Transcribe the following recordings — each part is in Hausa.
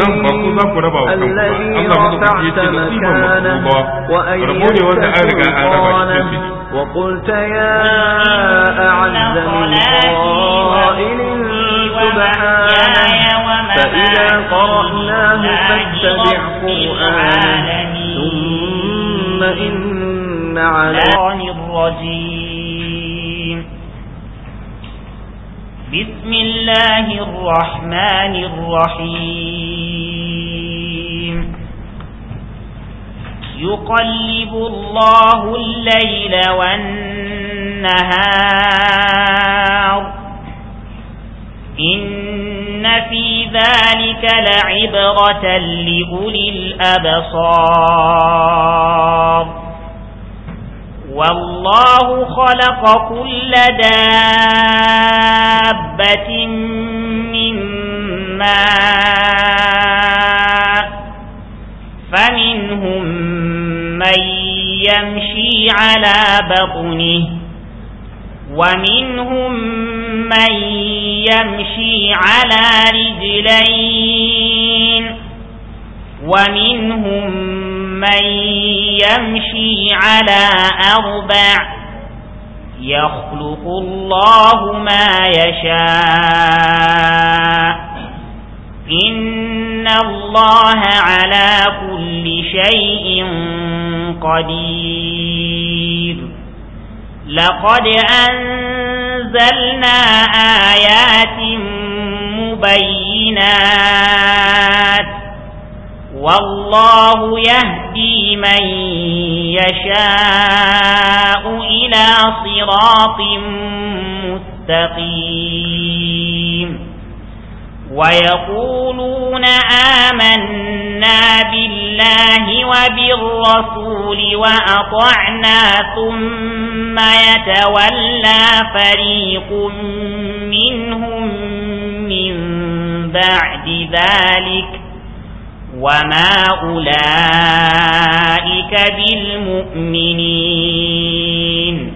nan ba ku za ku raba wa kanku ba Allah madaukaki yake nasiban maktuba rabo ne wanda an riga an raba shi cikin shi وقلت يا أعز من قائل سبحانه فإذا قرأناه فاتبع قرآنه ثم إن على الرجيم بسم الله الرحمن الرحيم يقلب الله الليل والنهار إن في ذلك لعبرة لأولي الأبصار والله خلق كل دابة من ماء فمنهم من يمشي على بطنه ومنهم من يمشي على رجلين ومنهم من يمشي على أربع يخلق الله ما يشاء إن الله على كل شيء قدير لقد أنزلنا آيات مبينات والله يهدي من يشاء إلى صراط مستقيم ويقولون آمنا بالله وبالرسول وأطعنا ثم يتولى فريق منهم من بعد ذلك وما أولئك بالمؤمنين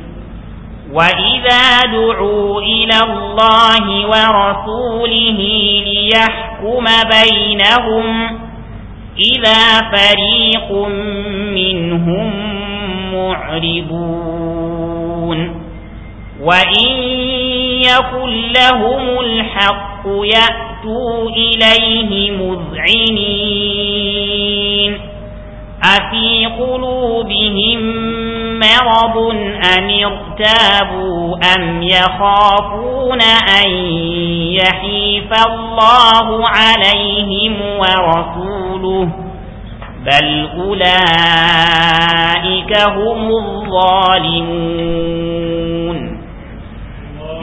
وإذا دعوا إلى الله ورسوله ليحكم بينهم إذا فريق منهم معرضون وإن يكن لهم الحق يأتوا إليه مذعنين أفي قلوبهم مرض أم ارتابوا أم يخافون أن يحيف الله عليهم ورسوله بل أولئك هم الظالمون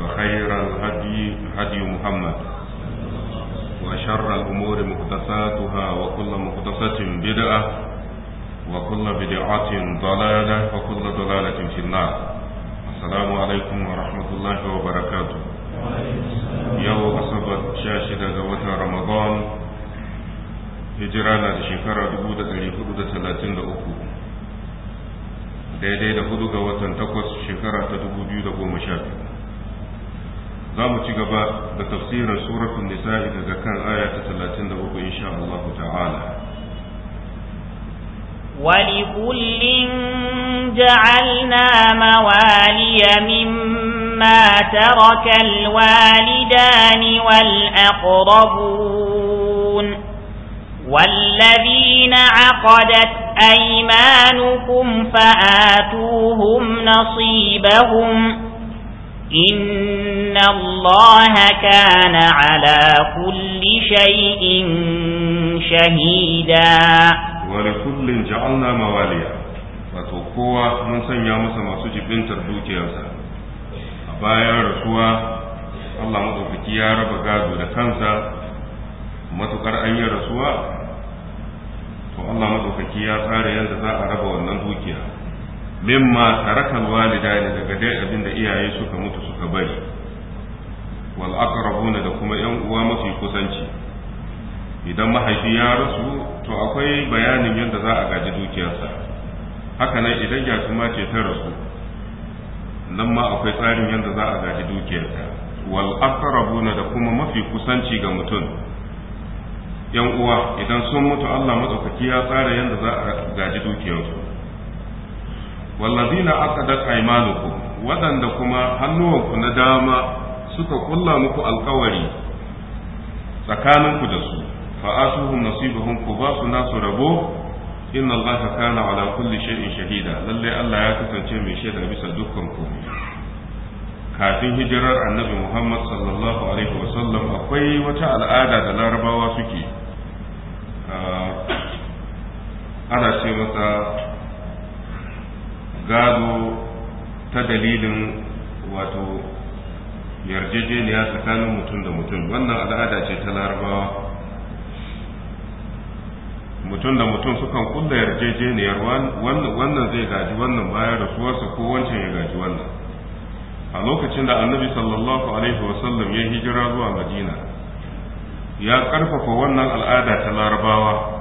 وخير الهدي هدي محمد وشر الأمور محدثاتها وكل محدثة بدعة وكل بدعة ضلالة وكل ضلالة في النار السلام عليكم ورحمة الله وبركاته يوم أصبت شاشدة وتر رمضان هجرانا لشكرة دبودة لحدودة 33 daidai da hudu ga watan takwas shekara ta dubu biyu da goma sha biyu za mu ci gaba da tafsirin suratul nisa'i daga kan aya ta 37 insha Allah ta'ala ولكل جعلنا موالي مما ترك الوالدان والأقربون والذين عقدت أيمانكم فآتوهم نصيبهم إن الله كان على كل شيء شهيدا ولكل جعلنا مواليا فتوقوا من سنيا مسا masu jibintar dukiyarsa a bayan rasuwa Allah maɗaukaki ya raba gado da kansa matukar an yi rasuwa to Allah maɗaukaki ya tsara yadda za a raba wannan dukiya mimma tarakal walidani daga dai abin da iyaye suka mutu suka bari wal aqrabuna da kuma yan uwa mafi kusanci idan mahaifi ya rasu to akwai bayanin yadda za a gaji dukiyarsa haka nan idan kuma ce ta rasu nan ma akwai tsarin yadda za a gaji dukiyarsa. wal aqrabuna da kuma mafi kusanci ga mutum yan uwa idan sun mutu Allah madaukaki ya tsara yadda za a gaji dukiyarsu wallazina aqadat aymanukum waɗanda kuma hannuwanku na dama suka kulla muku alkawari tsakaninku da su fa'asuhum nasibahum ku ba su nasu rabo inna allaha kana ala kulli shay'in shahida lalle Allah ya kasance mai shaida bisa dukkan komai kafin hijirar annabi Muhammad sallallahu alaihi wa sallam akwai wata al'ada da larabawa suke ana ce masa gado ta dalilin wato yarjejeniya tsakanin mutum da mutum wannan al'ada ce ta larabawa mutum da mutum sukan kulla yarjejeniyar wannan zai gaji wannan bayan rasuwarsa ko wancan ya gaji wannan a lokacin da annabi sallallahu alaihi wasallam ya hijira zuwa madina ya karfafa wannan al'ada ta larabawa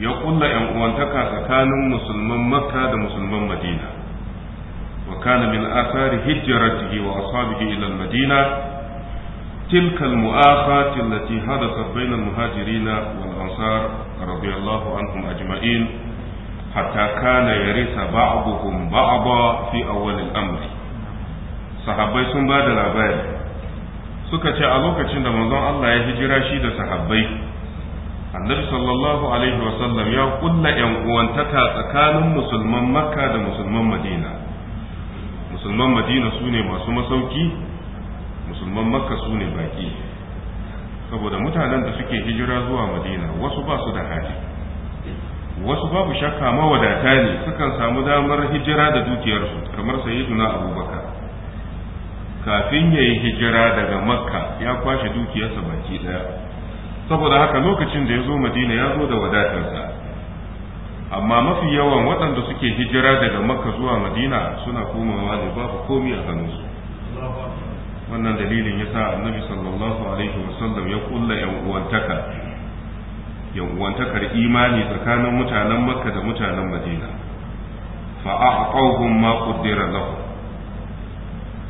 ya kulla yan uwantaka tsakanin musulman makka da musulman madina wa kana min athari hijratihi wa ashabihi ila madina تلك المؤاخاة التي حدثت بين المهاجرين والأنصار رضي الله عنهم أجمعين حتى كان يرث بعضهم بعضا في أول الأمر sahabbai sun ba da labari suka ce a lokacin da manzon Allah ya hijira shi da sahabbai annabi sallallahu alaihi wasallam ya kulla yan uwantaka tsakanin musulman makka da musulman madina musulman madina su ne masu masauki musulman makka su ne baki saboda mutanen da suke hijira zuwa madina wasu ba su da hali wasu babu shakka mawadata ne sukan samu damar hijira da dukiyarsu kamar sayyiduna abubakar kafin ya yi hijira daga makka ya kwashe dukiyarsa baki daya saboda haka lokacin da ya zo madina ya zo da wadatarsa amma mafi yawan waɗanda suke hijira daga makka zuwa madina suna komawa ne babu komi a hannunsu wannan dalilin ya sa annabi sallallahu alaihi wasallam ya kulla yan'uwantaka yan'uwantakar imani tsakanin mutanen makka da mutanen madina fa'aqawhum ma qaddara lahum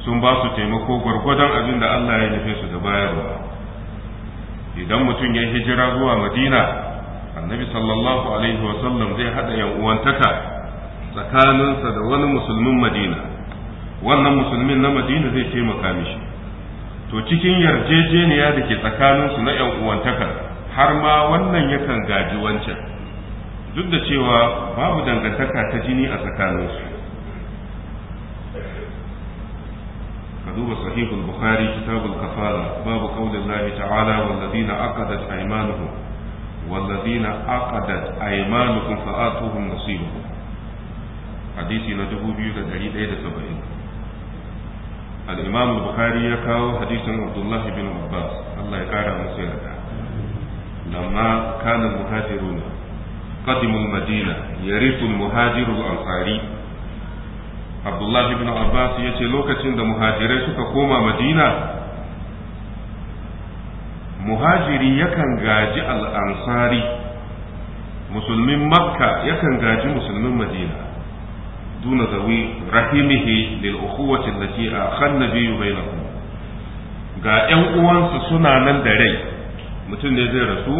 sun ba su taimako gwargwadon abin da Allah ya nufe su da bayarwa idan mutum ya hijira zuwa madina annabi sallallahu alaihi wasallam zai haɗa yan uwantaka tsakaninsa da wani musulmin madina wannan musulmin na madina zai taimaka mishi to cikin yarjejeniya da ke tsakaninsu na yan uwantaka har ma wannan yakan gaji wancan duk da cewa babu dangantaka ta jini a tsakaninsu duba sahihul bukhari kitabul kafara babu qaulin lahi ta'ala wallazina aqadat da wallazina aqadat aymanukum fa'atuhum nasibahum hadisi na 2170 الإمام البخاري يكاو حديث عبد الله بن عباس الله يكاره مسيرة لما كان المهاجرون قدموا المدينة يرث المهاجر الأنصاري abdullahi bin abbas ya ce lokacin da muhajirai suka koma madina muhajiri yakan gaji al'ansari musulmin makka yakan gaji musulmin madina duna zawi rahimihi lil ukhuwati allati akhan nabiyyu bainakum ga 'yan uwansa suna nan da rai mutum ne zai rasu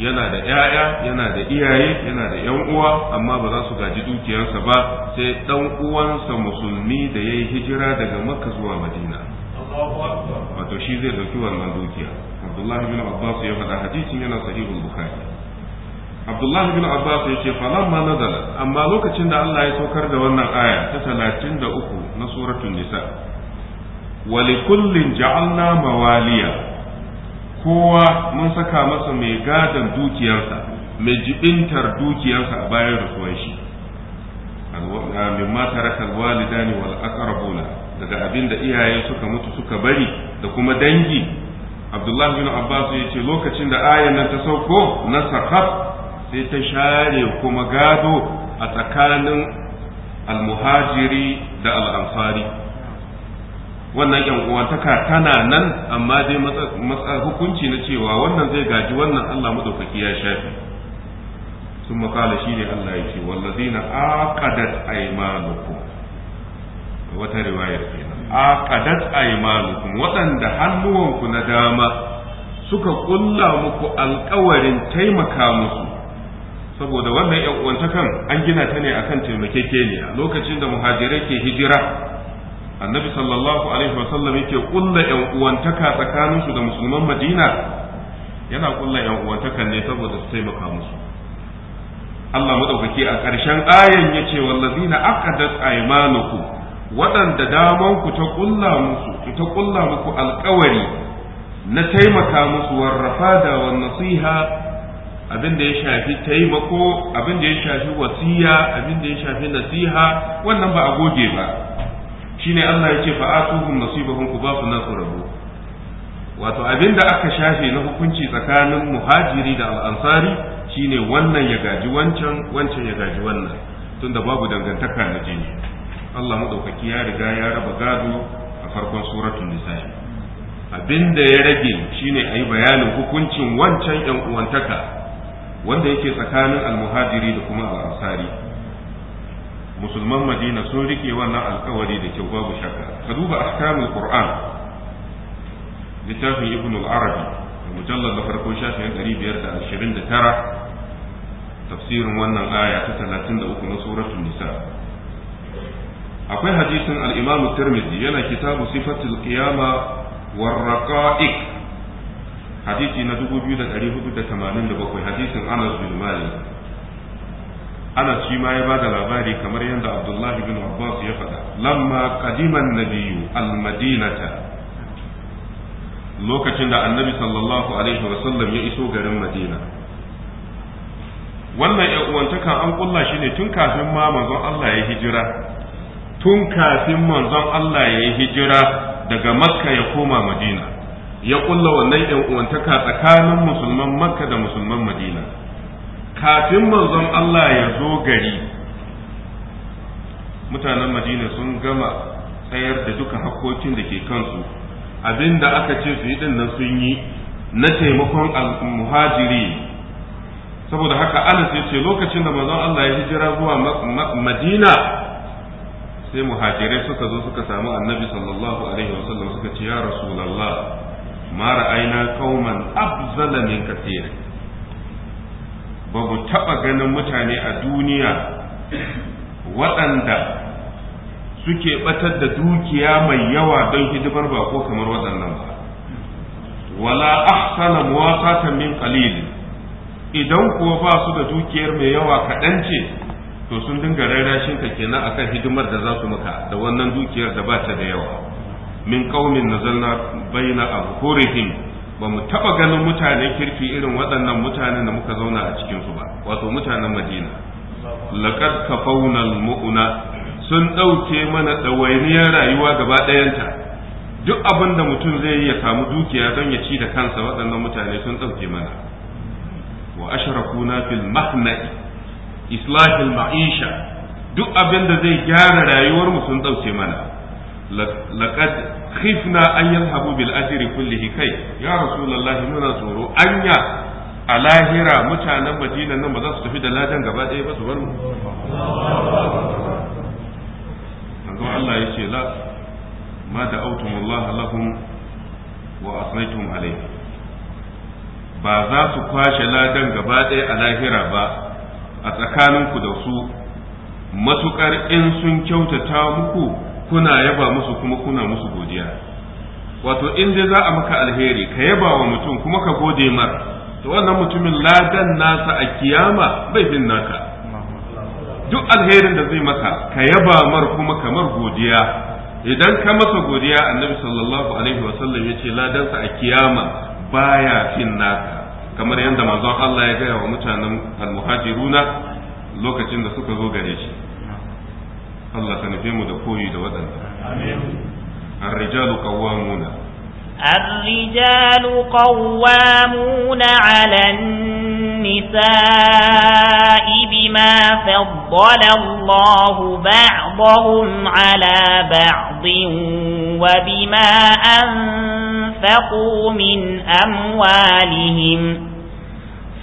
yana da ‘ya'ya yana da iyaye yana da ‘yan uwa amma ba za su gaji dukiyarsa ba sai ɗan uwansa musulmi da ya yi hijira daga makka zuwa madina wato shi zai ɗauki wannan dukiya abdullahi bin abbas ya faɗa hadisin yana sahihul bukhari abdullahi bin abbas ya ce falan ma nazala amma lokacin da allah ya saukar da wannan aya ta talatin da uku na suratun nisa wa likullin ja'alna mawaliya kowa mun saka masa mai gadon dukiyarsa mai jibintar dukiyarsa a bayan rasuwan shi mimma taraka wa wal aqrabuna daga abin da iyaye suka mutu suka bari da kuma dangi abdullahi bin abbas ya ce lokacin da ayan nan ta sauko na sakaf sai ta share kuma gado a tsakanin al almuhajiri da al ansari wannan uwantaka tana nan amma dai matsa hukunci na cewa wannan zai gaji wannan Allah madaukaki ya shafi sun makala shi ne Allah ya ce wallazina aqadat aymanukum wata riwayar kenan aqadat aymanukum waɗanda hannuwanku na dama suka ƙulla muku alkawarin taimaka musu saboda wannan uwantakan an gina ta ne akan taimakekeniya lokacin da muhajirai ke hijira annabi sallallahu alaihi wa sallam yake kulla yan uwantaka tsakanin su da musulman madina yana kulla yan uwantaka ne saboda su taimaka musu Allah madaukaki a ƙarshen ayan yace wallazina aqadat aymanuku waɗanda daman ku ta kulla musu ku ta kulla muku alƙawari na taimaka musu warrafa da wan nasiha abin da ya shafi taimako abin da ya shafi wasiya abin da ya shafi nasiha wannan ba a goge ba shine Allah ya ce fa atuhum nasibahum ku ba su nasu rabo wato abin da aka shafe na hukunci tsakanin muhajiri da al'ansari shine wannan ya gaji wancan wancan ya gaji wannan tunda babu dangantaka na jini Allah madaukaki ya riga ya raba gado a farkon suratul nisa abin da ya rage shine ayi bayanin hukuncin wancan yan uwantaka wanda yake tsakanin almuhajiri da kuma al'ansari musulman madina sun rike wannan alkawari da kyau babu shakka ka duba ahkamul qur'an littafin ibn al-arabi mujallal na farko shafin 529 tafsirin wannan aya ta 33 na suratul nisa akwai hadisin al-imam tirmidhi yana kitabu sifatul qiyama war raqa'iq hadisi na 2487 hadisin Anas bin Malik ana shi ma ya da labari kamar yadda Abdullah ibn Abbas ya faɗa lamma qadiman nabiyyu al-madinata lokacin da annabi sallallahu alaihi wa sallam ya iso garin Madina wannan ya uwantaka an kulla shi ne tun kafin ma manzon Allah ya hijira tun kafin manzon Allah ya hijira daga Makka ya koma Madina ya kulla wannan ya uwantaka tsakanin musulman Makka da musulman Madina kafin manzon Allah ya zo gari mutanen madina sun gama tsayar da duka hakkokin da ke kansu abinda aka ce su yi din nan sun yi na taimakon muhajiri saboda haka Allah ya ce lokacin da manzon Allah ya hijira zuwa madina sai muhajirai suka zo suka samu annabi sallallahu alaihi wasallam suka ce ya rasulullah ma ra'ayna qauman afzala min ba mu taɓa ganin mutane a duniya waɗanda suke ɓatar da dukiya mai yawa don hidimar ba ko kamar waɗannan ba wala ahsana muwasatan min qalil idan kuwa ba su da dukiyar mai yawa kaɗan ce to sun dinga rarrashin ka kenan akan hidimar da za su maka da wannan dukiyar da ba ta da yawa min qaumin nazalna baina abhurihim ba mu taɓa ganin mutanen kirki irin waɗannan mutanen da muka zauna a cikinsu ba wato mutanen madina laƙar kafaunal mu'una sun ɗauke mana ɗawainiyar rayuwa gaba ɗayanta duk abin da mutum zai yi ya samu dukiya don ya ci da kansa waɗannan mutane sun ɗauke mana wa ashrakuna fil mahna'i islahil ma'isha duk abin da zai gyara rayuwar mu sun ɗauke mana laqad khifna an yadhhabu bil ajri kullihi kai ya rasulullahi muna tsoro anya a lahira mutanen madina nan ba za su tafi da ladan gaba daya ba su bar mu manzo Allah ya ce la ma da'awtum Allah lahum wa asnaytum alayhi ba za su kwashe ladan gaba daya a lahira ba a tsakaninku da su matukar in sun kyautata muku kuna yaba musu kuma kuna musu godiya wato in dai za a maka alheri ka yaba wa mutum kuma ka gode mar to wannan mutumin ladan nasa a kiyama bai bin naka duk alherin da zai maka ka yaba mar kuma kamar godiya idan ka masa godiya annabi sallallahu alaihi wa sallam yace ladansa a kiyama baya fin naka kamar yadda manzon Allah ya gaya wa mutanen al-muhajiruna lokacin da suka zo gare shi Allah ka nufe mu da koyi da waɗanda الرجال قوامون الرجال قوامون على النساء بما فضل الله بعضهم على بعض وبما أنفقوا من أموالهم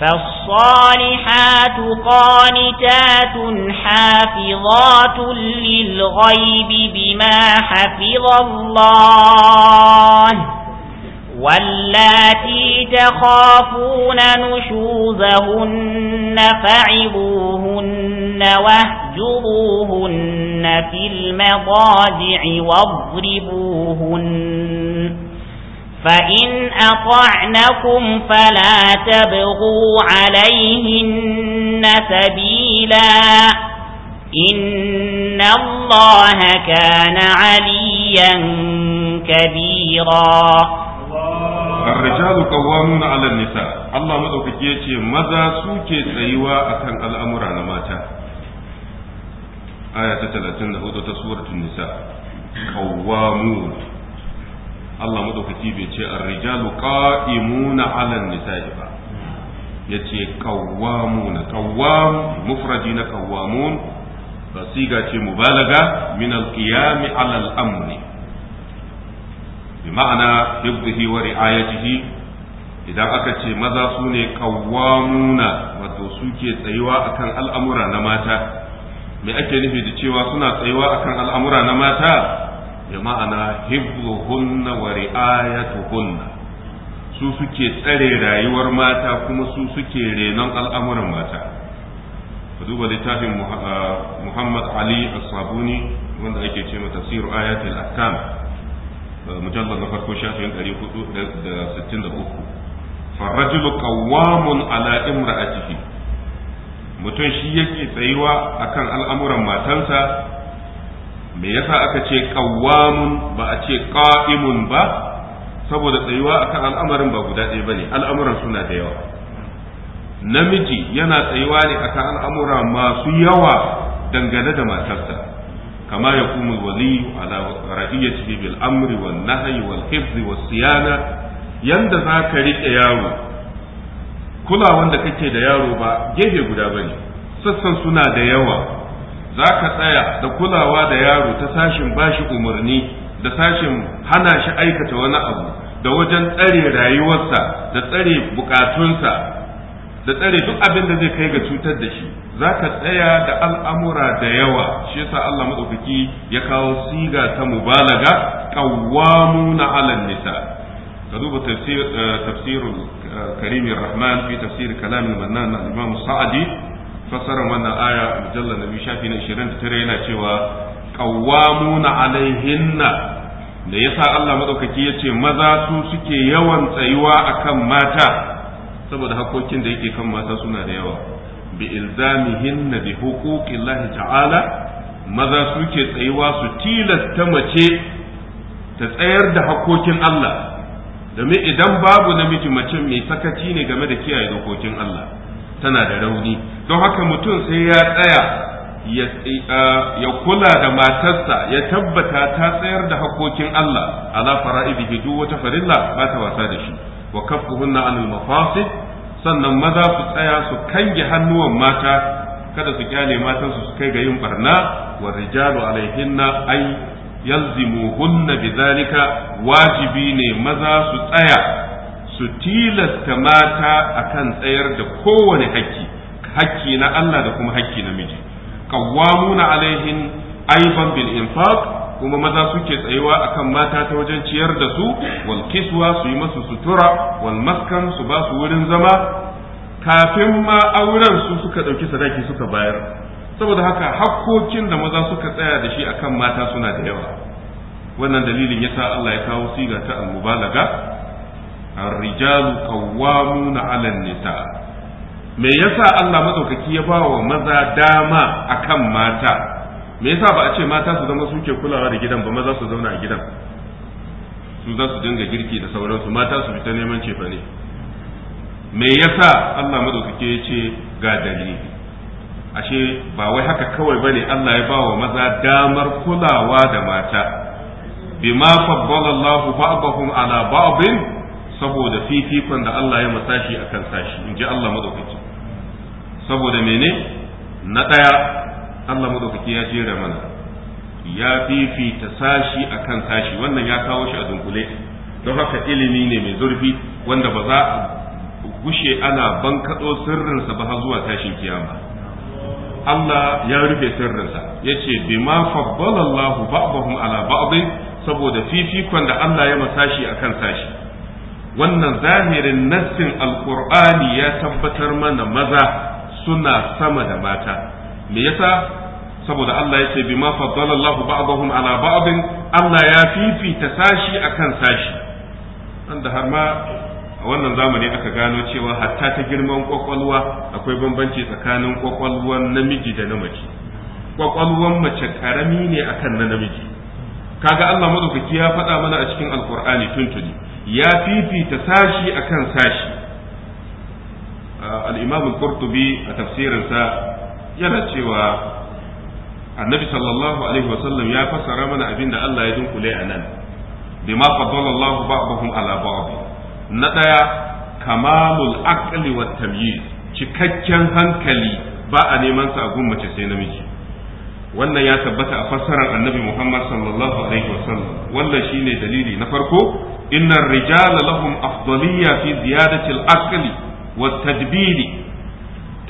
فالصالحات قانتات حافظات للغيب بما حفظ الله واللاتي تخافون نشوزهن فعبوهن واهجروهن في المضاجع واضربوهن فإن أطعنكم فلا تبغوا عليهن سبيلا إن الله كان عليا كبيرا الرجال قوامون على النساء الله مدوكك يتي مدى سوكي تسيوا أكن الأمر على ماتا آية 34 سورة النساء قوامون Allah madaukaki bai ce an rijalu qa'imuna 'ala nisa'i ba yace qawwamuna qawwam mufradi na Ba siga ce mubalaga min al-qiyam 'ala bi ma'ana hibbihi wa ri'ayatihi idan aka ce maza su ne qawwamuna wato suke tsayuwa akan al'amura na mata me ake nufi da cewa suna tsayuwa akan al'amura na mata Ya ma'ana hibzuhunna wa ri'ayatuhunna su suke tsare rayuwar mata kuma su suke renon al'amuran mata ka duba littafin ah, Muhammad Ali As-Sabuni wanda ake ce mata tafsiru ayatul ahkam ah, mujallad na farko shafin 463 farajulu qawwamun ala imra'atihi mutum shi yake tsayuwa akan al'amuran matansa me yasa aka ce qawwamun ba a ce qa'imun ba saboda tsayuwa akan al'amarin ba guda ɗaya bane al'amuran suna da yawa namiji yana tsayuwa ne akan al'amura masu yawa dangane da matarsa kama ya kuma waliyu ala ra'iyyati bil amri wal nahyi wal hifzi was siyana yanda zaka rike yaro kulawan da kake da yaro ba gefe guda bane sassan suna da yawa za ka tsaya da kulawa da yaro ta sashin bashi umarni da sashin hana shi aikata wani abu da wajen tsare rayuwarsa da tsare bukatunsa da tsare duk abin da zai kai ga cutar da shi za ka tsaya da al'amura da yawa shi yasa Allah maɗaukaki ya kawo siga ta mubalaga ƙawamu na alal nisa ka duba tafsirin eh, eh, karimin rahman fi tafsirin kalamin mannan na imam sa'adi Fassara wannan aya a mujallar biyu shafi na ishirin da tare yana cewa qawwamuna alaihinna da yasa Allah madaukaki ce maza su suke yawan tsayuwa akan mata saboda hakokin da yake kan mata suna da yawa bi hinna bi huquqillahi ta'ala maza suke tsayuwa su tilasta mace ta tsayar da hakokin Allah domin idan babu namiji mace mai sakaci ne game da kiyaye dokokin Allah tana da rauni don haka mutum sai ya tsaya ya kula da matarsa ya tabbata ta tsayar da hakokin Allah ala fara'idihi duk wata farilla ba ta wasa da shi wa kafuhunna anil mafasid sannan maza su tsaya su kange hannuwan mata kada su kyale matansu su kai ga yin barna wa rijalu alaihinna ay yalzimuhunna bidhalika wajibi ne maza su tsaya su tilasta mata a kan tsayar da kowane hakki hakki na Allah da kuma hakki na miji na alaihin aiban bil infaq kuma maza suke tsayuwa akan mata ta wajen ciyar da su wal kiswa su yi masu sutura wal maskan su ba su wurin zama kafin ma auren su suka ɗauki sadaki suka bayar saboda haka hakkokin da maza suka tsaya da shi akan mata suna da yawa wannan dalilin yasa Allah ya kawo siga ta al-mubalaga الرجال قوامون على النساء me yasa Allah madaukaki ya bawa maza dama akan mata me yasa ba a ce mata su zama suke kulawa da gidan ba maza su zauna a gidan su za su dinga girki da sauransu mata su fita neman cefa ne me yasa Allah madaukaki ya ce ga dalili ashe ba wai haka kawai bane Allah ya bawa maza damar kulawa da mata bima faddala Allahu ba'dahum ala ba'dhin saboda fifikon da Allah ya masashi akan sashi in ji Allah madaukaki saboda mene na ɗaya Allah madaukaki ya jera mana ya fifita sashi akan sashi wannan ya kawo shi a dunkule don haka ilimi ne mai zurfi wanda ba za a gushe ana bankaɗo sirrinsa ba har zuwa tashin kiyama Allah ya rufe sirrinsa ya ce bima faddala Allahu ba'dahum ala ba'd saboda fifikon da Allah ya masashi akan sashi wannan zahirin nassin alkur'ani ya tabbatar mana maza suna sama da mata me yasa saboda Allah ya ce bima faddala Allahu ba'dahum ala ba'din Allah ya fifita sashi akan sashi da har ma a wannan zamani aka gano cewa hatta ta girman kwakwalwa akwai bambanci tsakanin kwakwalwar namiji da na mace Kwakwalwar mace karami ne akan na namiji kaga Allah madaukaki ya faɗa mana a cikin alkur'ani tuntuni ya fifita sashi akan sashi al-imam qurtubi a tafsirinsa yana cewa annabi sallallahu alaihi wasallam ya fassara mana abin da Allah ya dunkule a nan ma faddala Allah ba'dahum ala ba'd na ɗaya kamalul Akali wat tamyiz cikakken hankali ba a neman sa a gun mace sai namiji wannan ya tabbata a fassarar annabi Muhammad sallallahu alaihi wasallam wannan shine dalili na farko Innan rijalalahum lahum afdaliyya fi ziyadati al-aqli wa tadbiri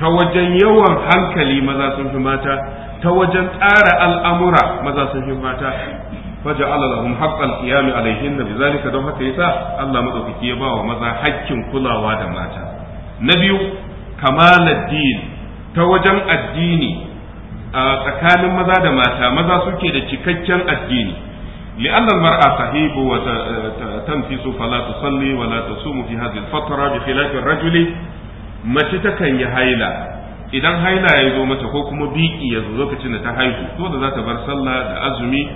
ta wajen yawan hankali maza sun fi mata ta wajen tsara al'amura maza sun fi mata faja'ala lahum haqqal qiyam alaihinna bizalika don haka yasa Allah madaukaki ya ba wa maza hakkin kulawa da mata na biyu kamaluddin ta wajen addini a tsakanin maza da mata maza suke da cikakken addini لأن المرأة صحيب su فلا fi ولا تصوم في هذه الفترة بخلاف الرجل ما تتكن يا haila idan haila ya zo mata ko kuma biki ya zo lokacin da ta haihu to da za ta bar sallah da azumi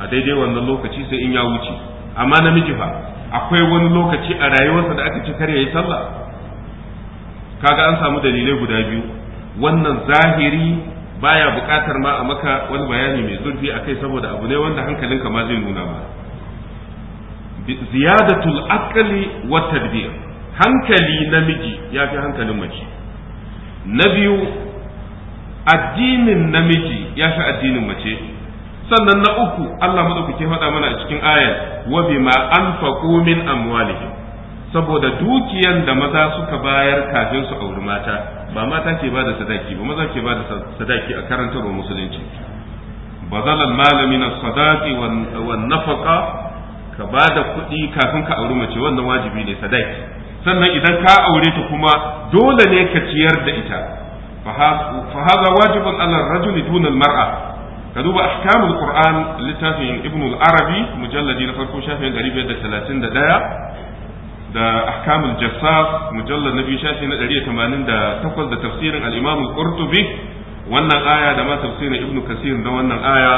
a daidai wannan lokaci sai in ya wuce amma namiji fa akwai wani lokaci a rayuwarsa da aka ci kar yayi sallah kaga an samu dalilai guda biyu wannan zahiri baya bukatar ma a maka wani bayani mai zurfi a kai saboda abu ne wanda hankalinka ma zai nuna ba. ziyadatul aqli wa tadbir hankali namiji ya fi hankalin mace na biyu addinin namiji ya fi addinin mace sannan na uku Allah madaukake faɗa mana a cikin ayat wa bima anfaqu min amwalihim saboda dukiyan da maza suka bayar kafin su auri mata ba mata ke ba da sadaki ba maza ke ba da sadaki a karantar wa musulunci bazalan malami na sadaki wa nafaka ka ba da kuɗi kafin ka auri mace wannan wajibi ne sadaki sannan idan ka aure ta kuma dole ne ka ciyar da ita fa haza wajibun ala rajuli dunal mar'a ka duba ahkamul qur'an littafin ibn al-arabi mujalladi na farko shafin 531 da ahkamul jassas mujallar na biyu shafi na tamanin da tafsirin al-imam al-qurtubi wannan aya da ma tafsirin ibnu kasir da wannan aya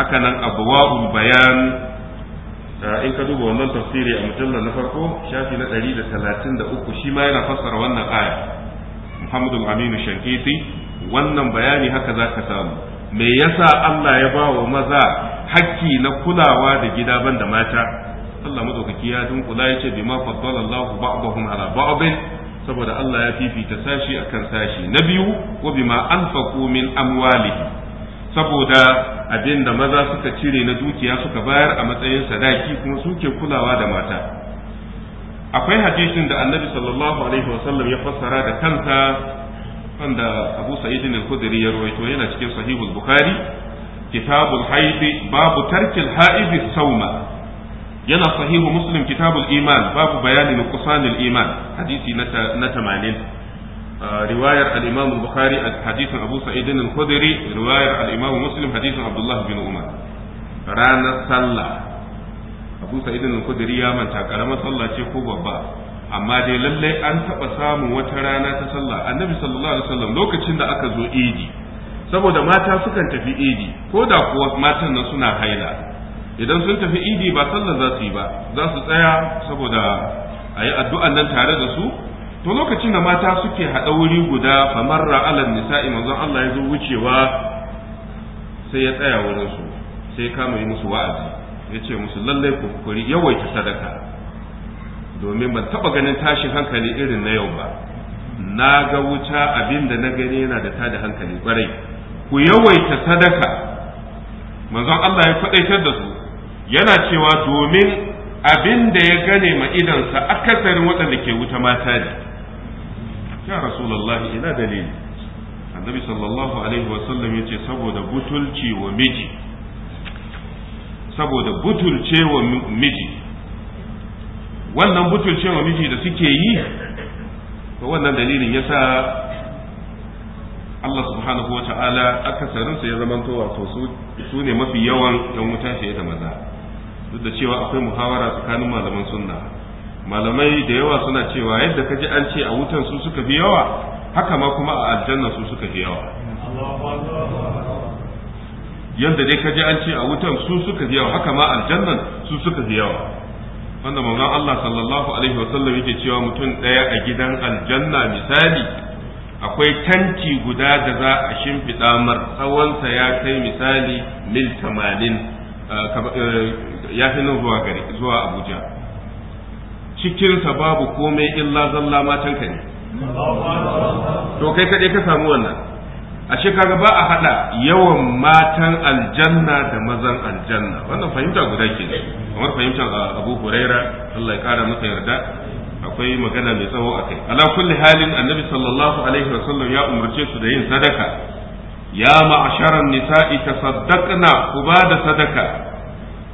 haka nan abwaul bayan in ka duba wannan tafsiri a mujallar na farko shafi na 133 shi ma yana fassara wannan aya muhammadu aminu shankiti wannan bayani haka za ka samu me yasa allah ya ba wa maza hakki na kulawa da gida banda mata Allah madaukaki ya dunkula yace bima faddala Allahu ba'dahum ala ba'din saboda Allah ya fifita sashi akan sashi na biyu wa bima anfaqu min amwalihi saboda abinda maza suka cire na dukiya suka bayar a matsayin sadaki kuma suke kulawa da mata akwai hadisin da annabi sallallahu alaihi wasallam ya fassara da kansa wanda abu sa'id al-khudri ya rawaito yana cikin sahihul bukhari kitabul haid babu tarkil haid sauma yana sahihu muslim kitabul iman babu bayani kusanin iman hadisi na tamanin, uh, riwayar al-imam bukhari hadisin abu sa'id al-khudri riwayar al-imam muslim hadisin abdullah bin umar ranar sallah abu sa'id al-khudri ya manta karamar sallah ce ko babba amma dai lallai an taba samun wata rana ta sallah annabi sallallahu alaihi wasallam lokacin da aka zo idi saboda mata sukan tafi idi ko da kuwa matan nan suna haila idan sun tafi idi ba sallar za su yi ba za su tsaya saboda a yi addu'an nan tare da su to lokacin da mata suke haɗa wuri guda kamar ra’alar nisa'i manzon Allah ya zo wucewa sai ya tsaya wurin su sai ya kama yi musu wa'azi ya ce musu lallai ku kuri yawaita sadaka domin ban taɓa ganin tashin hankali irin na yau ba na ga wuta abin da na gani yana da tada hankali kwarai ku yawaita sadaka manzon Allah ya faɗaitar da su yana cewa domin abin da ya gane ma idansa akasarin waɗanda ke wuta mata ne ya rasulullahi ina dalili annabi sallallahu alaihi wasallam ya ce saboda butulci wa miji saboda butulce wa miji wannan butulce wa miji da suke yi wannan dalilin yasa Allah subhanahu wa ta'ala akasarinsa ya zamanto wato su ne mafi yawan yan wuta fiye da maza duk da cewa akwai muhawara tsakanin malaman sunna malamai da yawa suna cewa yadda kaji an ce a wutan su suka fi yawa haka ma kuma a aljanna su suka fi yawa yadda dai kaji an ce a wutan su suka fi yawa haka ma aljannan su suka fi yawa wanda manzon Allah sallallahu alaihi wa sallam yake cewa mutum daya a gidan aljanna misali akwai tanti guda da za a shimfiɗa mar tsawonsa ya kai misali mil 80. ya fi nan zuwa gari zuwa abuja cikinsa babu komai illa zalla matan ka ne to kai kaɗai ka samu wannan A kaga ba a haɗa yawan matan aljanna da mazan aljanna wannan fahimta guda ke ne. kamar fahimtar ah, abu huraira allah ya ƙara masa yarda akwai magana mai tsawo a kai ala kulli halin annabi sallallahu alaihi wasallam ya umarce su da yin sadaka ya ma'asharan nisa'i tasaddaqna ku ba da sadaka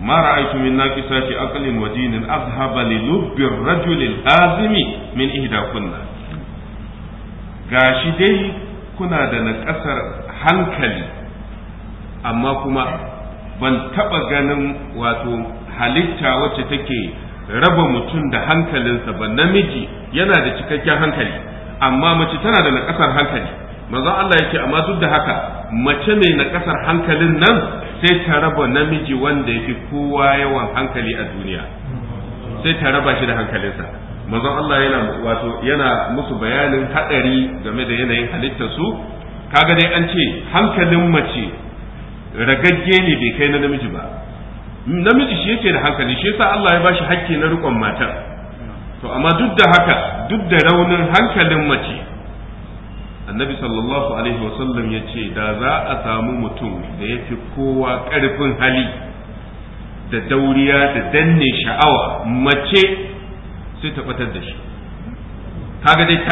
ما رأيت من ناقصات عقل ودين أذهب للب الرجل الآزم من إهداكن gashi dai kuna da naƙasar hankali amma kuma ban taɓa ganin wato halitta wacce take raba mutum da hankalinsa ba namiji yana da cikakken hankali amma mace tana da naƙasar hankali manzon Allah yake amma duk da haka mace mai naƙasar hankalin nan sai ta raba namiji wanda ya fi kowa yawan hankali a duniya sai ta raba shi da hankalinsa manzon Allah yana wato yana musu bayanin hadari game da yanayin halittar su kaga dai an ce hankalin mace ragagge ne bai kai na namiji ba namiji shi yake da hankali shi yasa Allah ya bashi hakki na riƙon matar to amma duk da haka duk da raunin hankalin mace annabi sallallahu alaihi wasallam ya ce da za a samu mutum da ya fi kowa karfin hali da dauriya da danne sha'awa mace sai ta batar da shi kaga dai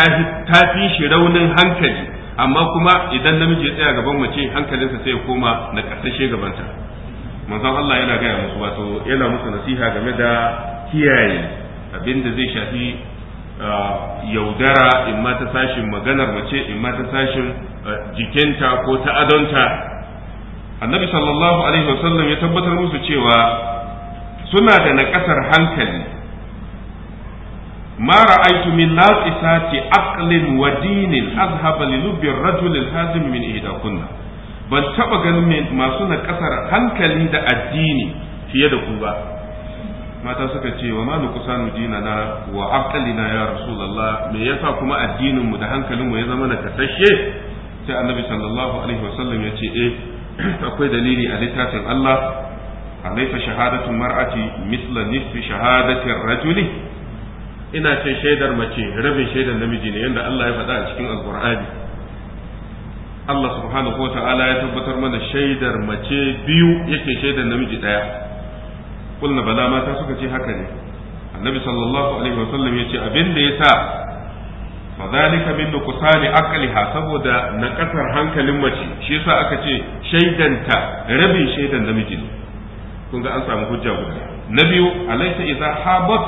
ta fi shi raunin hankali amma kuma idan namiji ya tsaya gaban mace hankalinsa sai ya koma na ƙasashe gabanta manzon Allah yana gaya musu wato yana musu nasiha game da kiyaye abinda zai shafi yaudara in ma ta sashin maganar mace in ma ta sashin jikinta ko ta adonta annabi sallallahu alaihi wasallam ya tabbatar musu cewa suna da naƙasar hankali aqlin wa dinin ناقصات li lubbi rajulin للب al-hazim min إحداكن ban taɓa ganin masu na ƙasar hankali da addini fiye da ku ba mata suka ce wa ma nuqsanu dinana wa aqlina ya rasulullah me yasa kuma addinin mu da hankalin mu ya zama na tasashe sai annabi sallallahu alaihi wasallam ya ce eh akwai dalili a littafin Allah alaysa shahadatu mar'ati misla nisfi shahadati rajuli ina ce shaidar mace rabin shaidar namiji ne yanda Allah ya faɗa a cikin alqur'ani Allah subhanahu wa ta'ala ya tabbatar mana shaidar mace biyu yake shaidar namiji daya kulna bala mata suka ce haka ne annabi sallallahu alaihi wasallam yace abin da yasa fa zalika min nuqsani aqliha saboda nakasar hankalin mace shi yasa aka ce shaidanta rabin shaidan namiji kun ga an samu hujja guda na biyu alaysa idza habat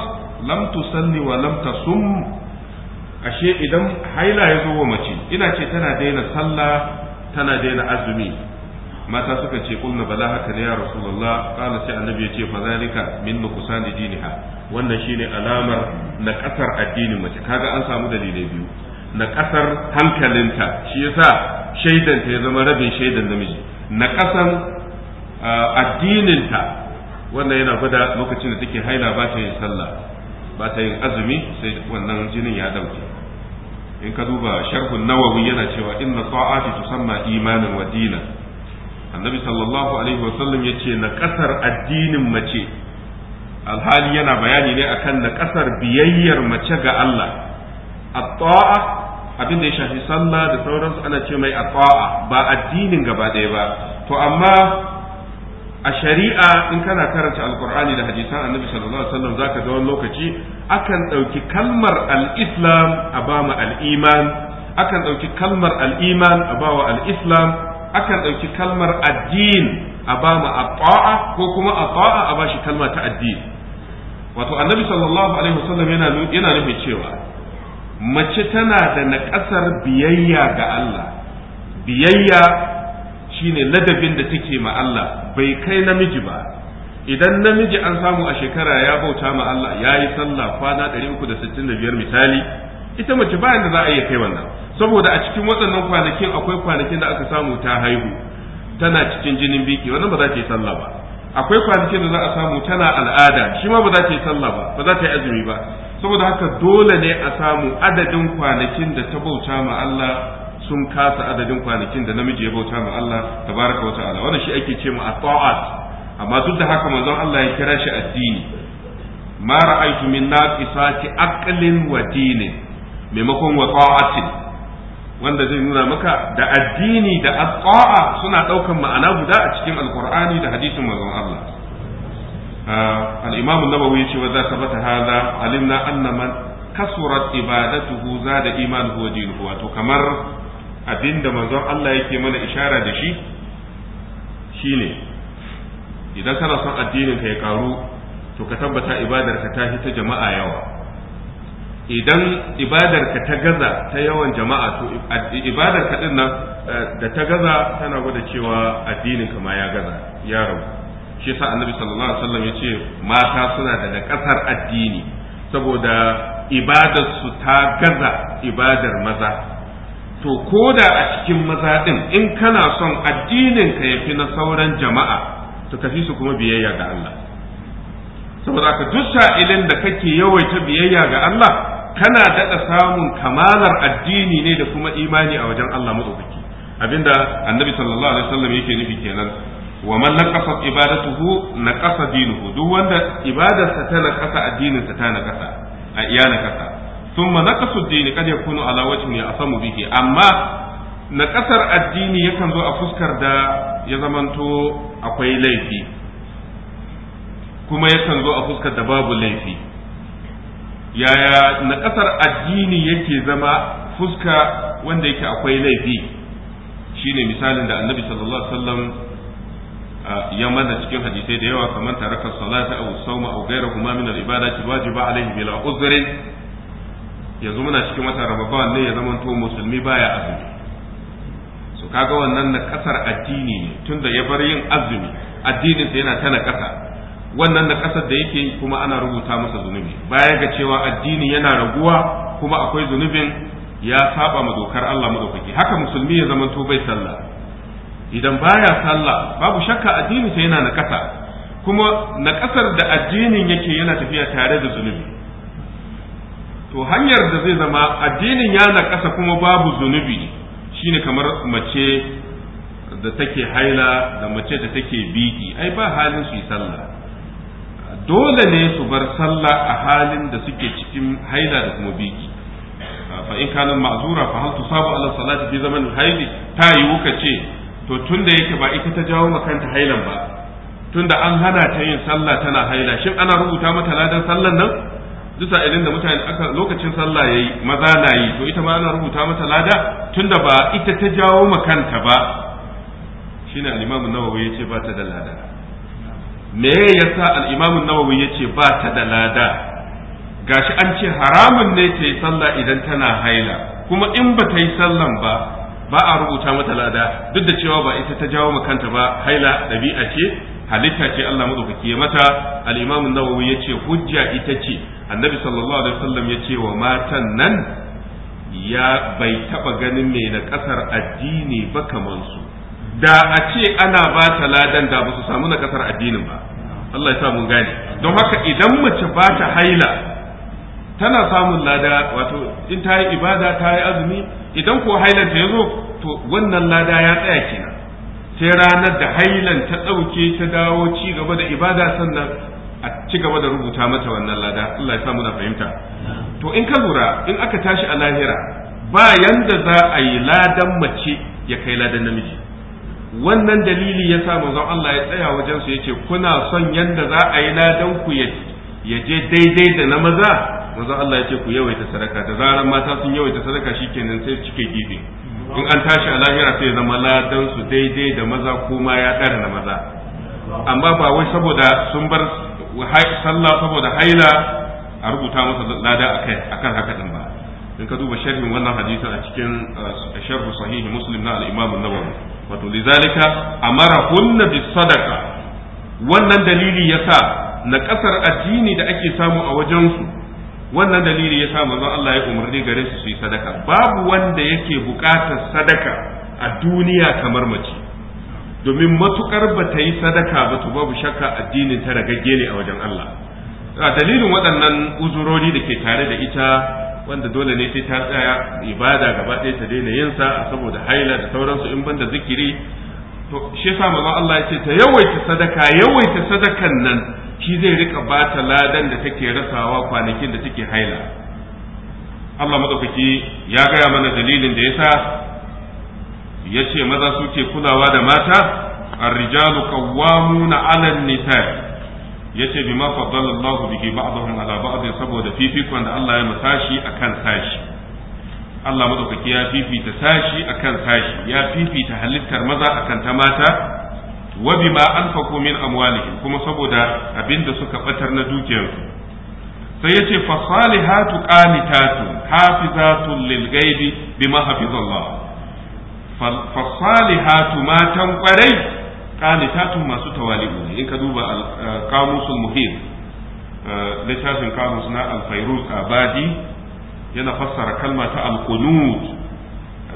lam tusalli wa lam tasum ashe idan haila ya zo wa mace ina ce tana daina sallah tana daina azumi mata suka ce kulna bala haka ne ya rasulullah kana sai annabi ya ce fa zalika min nuqsan diniha wannan shine alamar na kasar addinin mace kaga an samu dalilai biyu na kasar hankalinta shi yasa shaidanta ya zama rabin shaidan namiji na kasan addininta wannan yana gwada lokacin da take haila ba ta yin sallah ba ta yin azumi sai wannan jinin ya dauke in ka duba sharhun nawawi yana cewa inna sa'ati tusamma imanan wa dinan annabi sallallahu alaihi wasallam ya ce na ƙasar addinin mace alhali yana bayani ne akan na ƙasar biyayyar mace ga Allah at-ta'a abin da ya shafi sallah da sauransu ana ce mai at ba addinin gaba ɗaya ba to amma a shari'a in kana karanta alkur'ani da hadisan annabi sallallahu alaihi wasallam zaka ga wani lokaci akan ɗauki kalmar al-islam a ba mu al-iman akan ɗauki kalmar al-iman a ba wa al-islam akan ɗauki kalmar addin a ba mu a ko kuma a a ba shi kalma ta addini wato annabi sallallahu alaihi wasallam yana yana nufin cewa mace tana da naƙasar biyayya ga Allah biyayya shine ladabin da take ma Allah bai kai namiji ba idan namiji an samu a shekara ya bauta ma Allah yayi yi sallah kwana 365 misali ita mace bayan da za a iya kai wannan saboda a cikin waɗannan kwanakin akwai kwanakin da aka samu ta haihu tana cikin jinin biki wannan ba za ta yi sallah ba akwai kwanakin da za a samu tana al'ada shi ma ba za ta yi sallah ba ba za ta yi azumi ba saboda haka dole ne a samu adadin kwanakin da ta bauta ma Allah sun kasa adadin kwanakin da namiji ya bauta ma Allah tabaraka wa ta'ala wannan shi ake ce ma ta'at amma duk da haka manzon Allah ya kira shi addini ma ra'aytu min naqisati aqlin wa dinin maimakon wa ta'atin wanda zai nuna maka da addini da atqa'a suna daukan ma'ana guda a cikin alqur'ani da hadisin manzon Allah ah, al-imam an-nawawi yace wa zaka bata hada alimna anna man kasurat ibadatuhu zada imanuhu wa dinuhu wato kamar abinda manzon Allah yake mana ishara da shi shine idan kana son addinin ka ya karu to ka tabbata ibadarka ta ta jama'a yawa idan ibadarka ta gaza ta yawan jama'a to ibadarka din nan eh, da ta gaza tana gwada cewa addinin ma ya gaza ya rabu shi sa annabi sallallahu alaihi wasallam ya ce mata suna daga kasar addini saboda ibadar su ta gaza ibadar maza to ko da a cikin maza din in kana son addinin ka yafi na sauran jama'a to kafi su kuma biyayya ga Allah saboda ka duk sa'ilin da kake yawaita biyayya ga Allah kana dada samun kamalar addini ne da kuma imani a wajen Allah maɗaukaki abinda annabi sallallahu alaihi wasallam yake nufi kenan wa man naqasa ibadatuhu naqasa dinuhu duk wanda ibadarsa ta naqasa addininsa ta naqasa a iya naqasa thumma naqasu ad-din kad yakunu ala wajhin ya asamu bihi amma naqasar addini yakan zo a fuskar da ya zamanto akwai laifi kuma yakan zo a fuskar da babu laifi yaya na kasar addini yake zama fuska wanda yake akwai laifi shine misalin da annabi sallallahu alaihi wasallam ya mana cikin hadisai da yawa kamar tarakar salata aw sawma aw kuma min al-ibadati wajiba alaihi bila uzrin yanzu muna cikin wata ramadan ne ya zama zamanto musulmi baya azumi so kaga wannan na kasar addini ne tunda ya bar yin azumi addinin sa yana tana kasa wannan da kasar da yake kuma ana rubuta masa zunubi baya ga cewa addini yana raguwa kuma akwai zunubin ya saba ma dokar Allah madaukaki haka musulmi ya zamanto bai sallah idan baya sallah babu shakka addini sai yana nakasa kuma naƙasar da addinin yake yana tafiya tare da zunubi to hanyar da zai zama addinin ya nakasa kuma babu zunubi shine kamar mace da take haila da mace da take biki ai ba halin su yi sallah dole ne su bar sallah a halin da suke cikin haila da kuma biki fa in kana ma'zura fa hal tusabu ala salati fi zaman haili ta yi wuka ce to tunda yake ba ita ta jawo makanta hailan ba tunda an hana ta yin sallah tana haila shin ana rubuta mata ladan sallan nan duk idan da mutane aka lokacin sallah yayi maza na yi to ita ma ana rubuta mata lada tunda ba ita ta jawo makanta ba shine al-Imam Nawawi yace ba ta da lada me yasa al-Imam an-Nawawi yace ba ta da lada gashi an ce haramun ne ta yi sallah idan tana haila kuma in ba ta yi sallan ba ba a rubuta mata lada duk da cewa ba ita ta jawo kanta ba haila dabi'a ce halitta ce Allah madaukaki ke mata al-Imam an-Nawawi yace hujja ita ce Annabi sallallahu alaihi wasallam yace wa matan nan ya bai taɓa ganin mai na kasar addini ba kaman su da a ce ana ba ta ladan da ba su samu na kasar addinin ba Allah ya sa mun gane don haka idan mace ba ta haila tana samun lada wato in ta yi ibada ta yi azumi idan ko hailan ta yazo to wannan lada ya tsaya kenan sai ranar da hailan ta ɗauke ta dawo ci gaba da ibada sannan a ci gaba da rubuta mata wannan lada Allah ya sa muna fahimta to in ka lura in aka tashi a lahira ba yanda za a yi ladan mace ya kai ladan namiji wannan dalili ya sa manzon Allah ya tsaya wajen su yace kuna son yanda za a yi ladan ku ya je daidai da na maza manzon Allah ya ce ku yawaita sadaka da zaran mata sun yawaita sadaka shi shikenan sai cike gibi in an tashi a lahira sai zama ladan su daidai da maza kuma ya dara na maza amma ba wai saboda sun bar sallah saboda haila a rubuta masa lada akan haka din ba in ka duba sharhin wannan hadisin a cikin sharhu sahihi muslim na al-imam an-nawawi wato lizalika amara hunna bis sadaka wannan dalili yasa na kasar addini da ake samu a wajensu wannan dalili yasa manzon Allah ya umarni gare su su yi sadaka babu wanda yake bukatar sadaka a duniya kamar mace domin matukar ba ta yi sadaka ba to babu shakka addinin ta ragagge ne a wajen Allah dalilin waɗannan uzurori da ke tare da ita wanda dole ne sai ta tsaya ibada gaba ɗaya ta daina yin sa saboda haila da sauransu in banda zikiri to shi yasa manzon Allah ce ta yawaita sadaka yawaita sadakan nan shi zai rika bata ladan da take rasawa kwanakin da take haila Allah madaukaki ya gaya mana dalilin da yasa yace maza suke kulawa da mata rijalu قوامون على النساء yace bima faddala Allah bihi ba'dahum ala ba'd saboda fifikon da Allah ya mutashi akan sashi Allah madaukaki ya fifita sashi akan sashi ya fifita halittar maza akan ta mata wa bima anfaqu min amwalihim kuma saboda abinda suka batar na dukiyarsu sai yace fa salihatu qanitatun hafizatun lil ghaibi bima hafizallah fa salihatu matan kwarai qanitatun masu tawali'u ne in ka duba al-qamusul eh, muhim eh, littafin kamus na alfairuz abadi yana fassara kalma ta al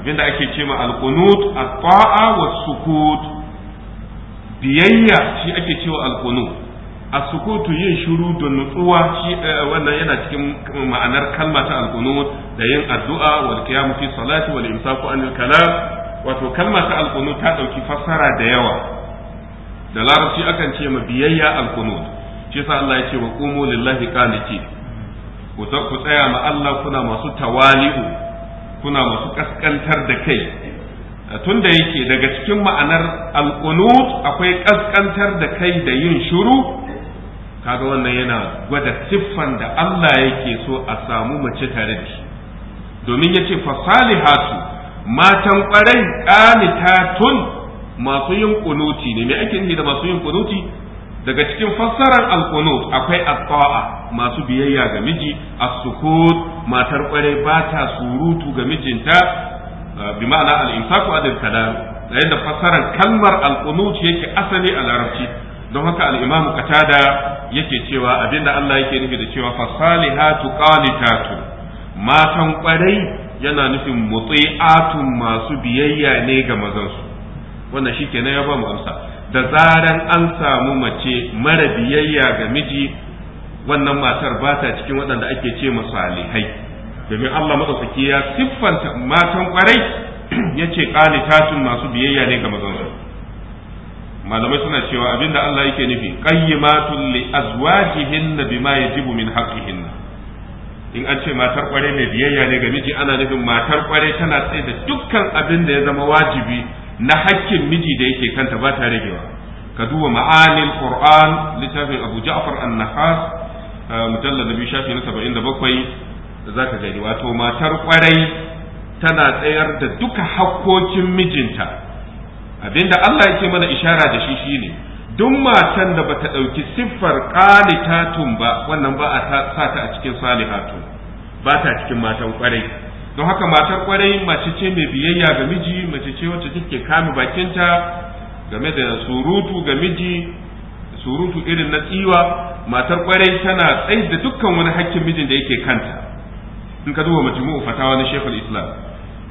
abinda ake ce ma al-qunut taa wa sukut biyayya shi ake cewa al a sukutu yin shiru da nutsuwa shi eh, wannan yana cikin ma'anar kalma ta al da yin addu'a wal qiyam fi salati wal imsaku anil kalam wato kalma ta al ta dauki fassara da yawa da larabci akan ce ma biyayya al-qunut shi yasa Allah ya ce wa qumu lillahi qanitin ku ku tsaya ma Allah kuna masu tawali'u kuna masu kaskantar da kai tunda yake daga cikin ma'anar al-qunut akwai kaskantar da kai da yin shiru kaga wannan yana gwada siffan da Allah yake so a samu mace tare da shi domin yace fasalihatu matan kwarai qanitatun masu yin kunuti ne me ake nufi da masu yin kunuti daga cikin fassarar alkunut akwai at masu biyayya ga miji as-sukut matar kwarai ba ta surutu ga mijinta ah, bi ma'ana al wa al kalam yayin da fassarar kalmar alqunut yake asali a larabci don haka al imam qatada yake cewa abinda Allah yake nufi da cewa fasalihatu qalitatu matan kwarai yana nufin muti'atun masu biyayya ne ga mazansu wannan shi kenan ya ba mu amsa da zaran an samu mace mara biyayya ga miji wannan matar ba ta cikin waɗanda ake ce salihai domin Allah matsatsaki ya siffanta matan kwarai ya ce ƙalitatun masu biyayya ne ga mazansu malamai suna cewa abinda Allah yake nufi qayyimatun li azwajihinna bima yajibu min haqqihinna in an ce matar kwarai mai biyayya ne ga miji ana nufin matar kwarai tana tsaye da dukkan abinda ya zama wajibi na hakkin miji da yake kanta ba ta ragewa ka duba ma'anin qur'an littafin abu ja'far an-nahas mujallad biyu shafi na 77 zaka gani wato matar kwarai tana tsayar da duka hakkokin mijinta abinda Allah yake mana ishara da shi shine duk matan da bata ɗauki siffar qalitatun ba wannan ba a sa a cikin salihatu ba ta cikin matan kwarai don haka matar kwarai mace ce mai biyayya ga miji mace ce wacce take kame bakinta game da surutu ga miji surutu irin na tsiwa matar kwarai tana tsayi da dukkan wani hakkin mijin da yake kanta in ka duba majmu'u fatawa na shekul islam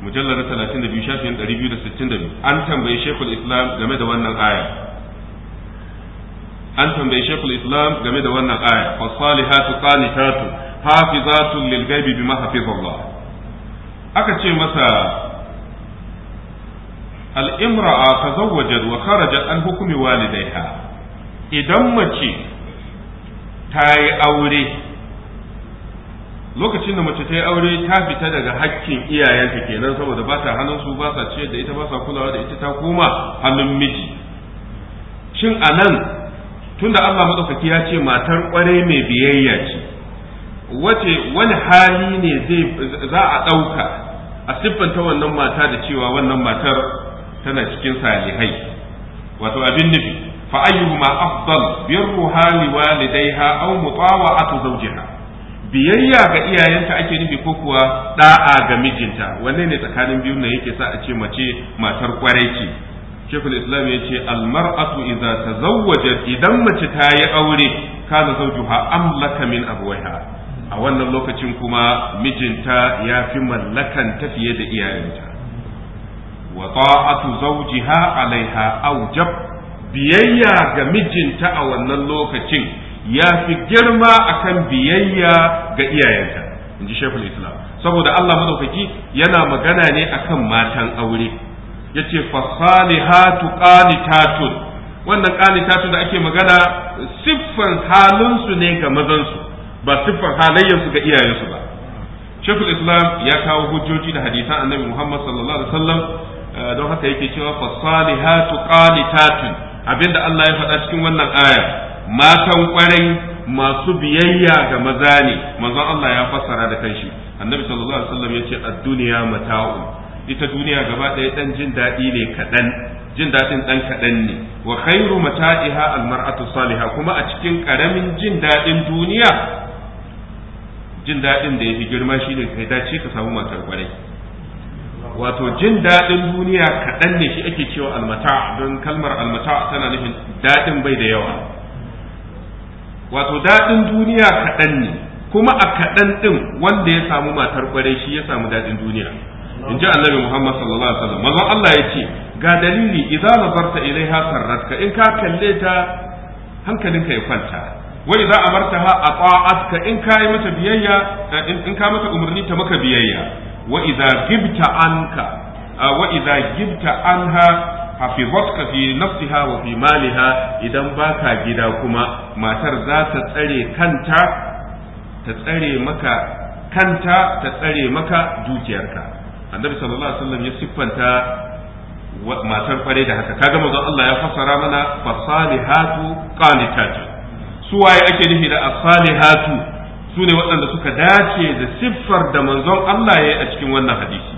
mujallar 32 shafin 262 an tambayi shekul islam game da wannan aya an tambayi shekul islam game da wannan aya fasalihatu qanitatu hafizatun lil ghaibi bima hafizallah aka ce masa al'imra'a ta zawwajar wa kharajar an hukumi walidaiha idan mace ta yi aure lokacin da mace ta yi aure ta fita daga hakkin iyayenta kenan saboda ba ta hannun su ba sa ce da ita ba sa kulawa da ita ta koma hannun miji shin a nan tunda Allah matsakaki ya ce matar ƙware mai biyayya ce wace wani hali ne zai za a ɗauka a siffanta wannan mata da cewa wannan matar tana cikin salihai wato abin nufi fa ayyuhuma afdal hali liwalidayha aw mutawa'atu zawjiha biyayya ga iyayenta ake nufi ko kuwa da'a ga mijinta wanne ne tsakanin biyu ne yake sa a ce mace matar kwarai ce shekul islam ya ce almar'atu idza tazawwajat idan mace ta yi aure kana zawjuha amlaka min abwaiha a wannan lokacin kuma mijinta ya fi mallakan ta fiye da iyayenta wa ta'atu zawjiha alaiha aujab biyayya ga mijinta a wannan lokacin ya fi girma akan biyayya ga iyayenta in ji shekul islam saboda allah madaukaki yana magana ne akan matan aure yace ce fasalihatu qanitatun wannan qanitatun da ake magana siffan halinsu ne ga mazansu ba siffar halayyarsu ga iyayensu ba shekul islam ya kawo hujjoji da hadisan annabi muhammad sallallahu alaihi wasallam eh, don haka yake cewa fasalihatu qanitatun abinda Allah ya faɗa cikin wannan aya matan kwarai masu biyayya ga maza ne manzon Allah ya fassara da kanshi annabi sallallahu alaihi wasallam yace ad-dunya mata'u ita duniya gaba ɗaya dan jin daɗi ne kaɗan jin daɗin ɗan kaɗan ne wa khairu mata'iha al-mar'atu salihah kuma a cikin karamin jin daɗin duniya jin daɗin da ya fi girma shi ne kai dace ka samu matar kwarai wato jin daɗin duniya kaɗan ne shi ake cewa almata don kalmar almata tana nufin daɗin bai da yawa wato daɗin duniya kaɗan ne kuma a kaɗan ɗin wanda ya samu matar kwarai shi ya samu daɗin duniya in ji annabi muhammad sallallahu alaihi wasallam manzon allah ya ce ga dalili idan nazarta ilaiha sarratka in ka kalle ta hankalinka ya kwanta wa idza amartaha ata'atka in kai mata biyayya eh, in ka mata umarni ta maka biyayya wa idza gibta anka eh, gibta anha hafizatka fi nafsiha wa fi maliha idan baka gida kuma matar za ta tsare kanta ta tsare maka kanta dukiyarka annabi sallallahu ya siffanta matar kware da haka ka kaga manzon Allah ya fassara mana fasalihatu qanitatu su waye ake nufi da as-salihatu su ne waɗanda suka dace da siffar da manzon Allah ya yi a cikin wannan hadisi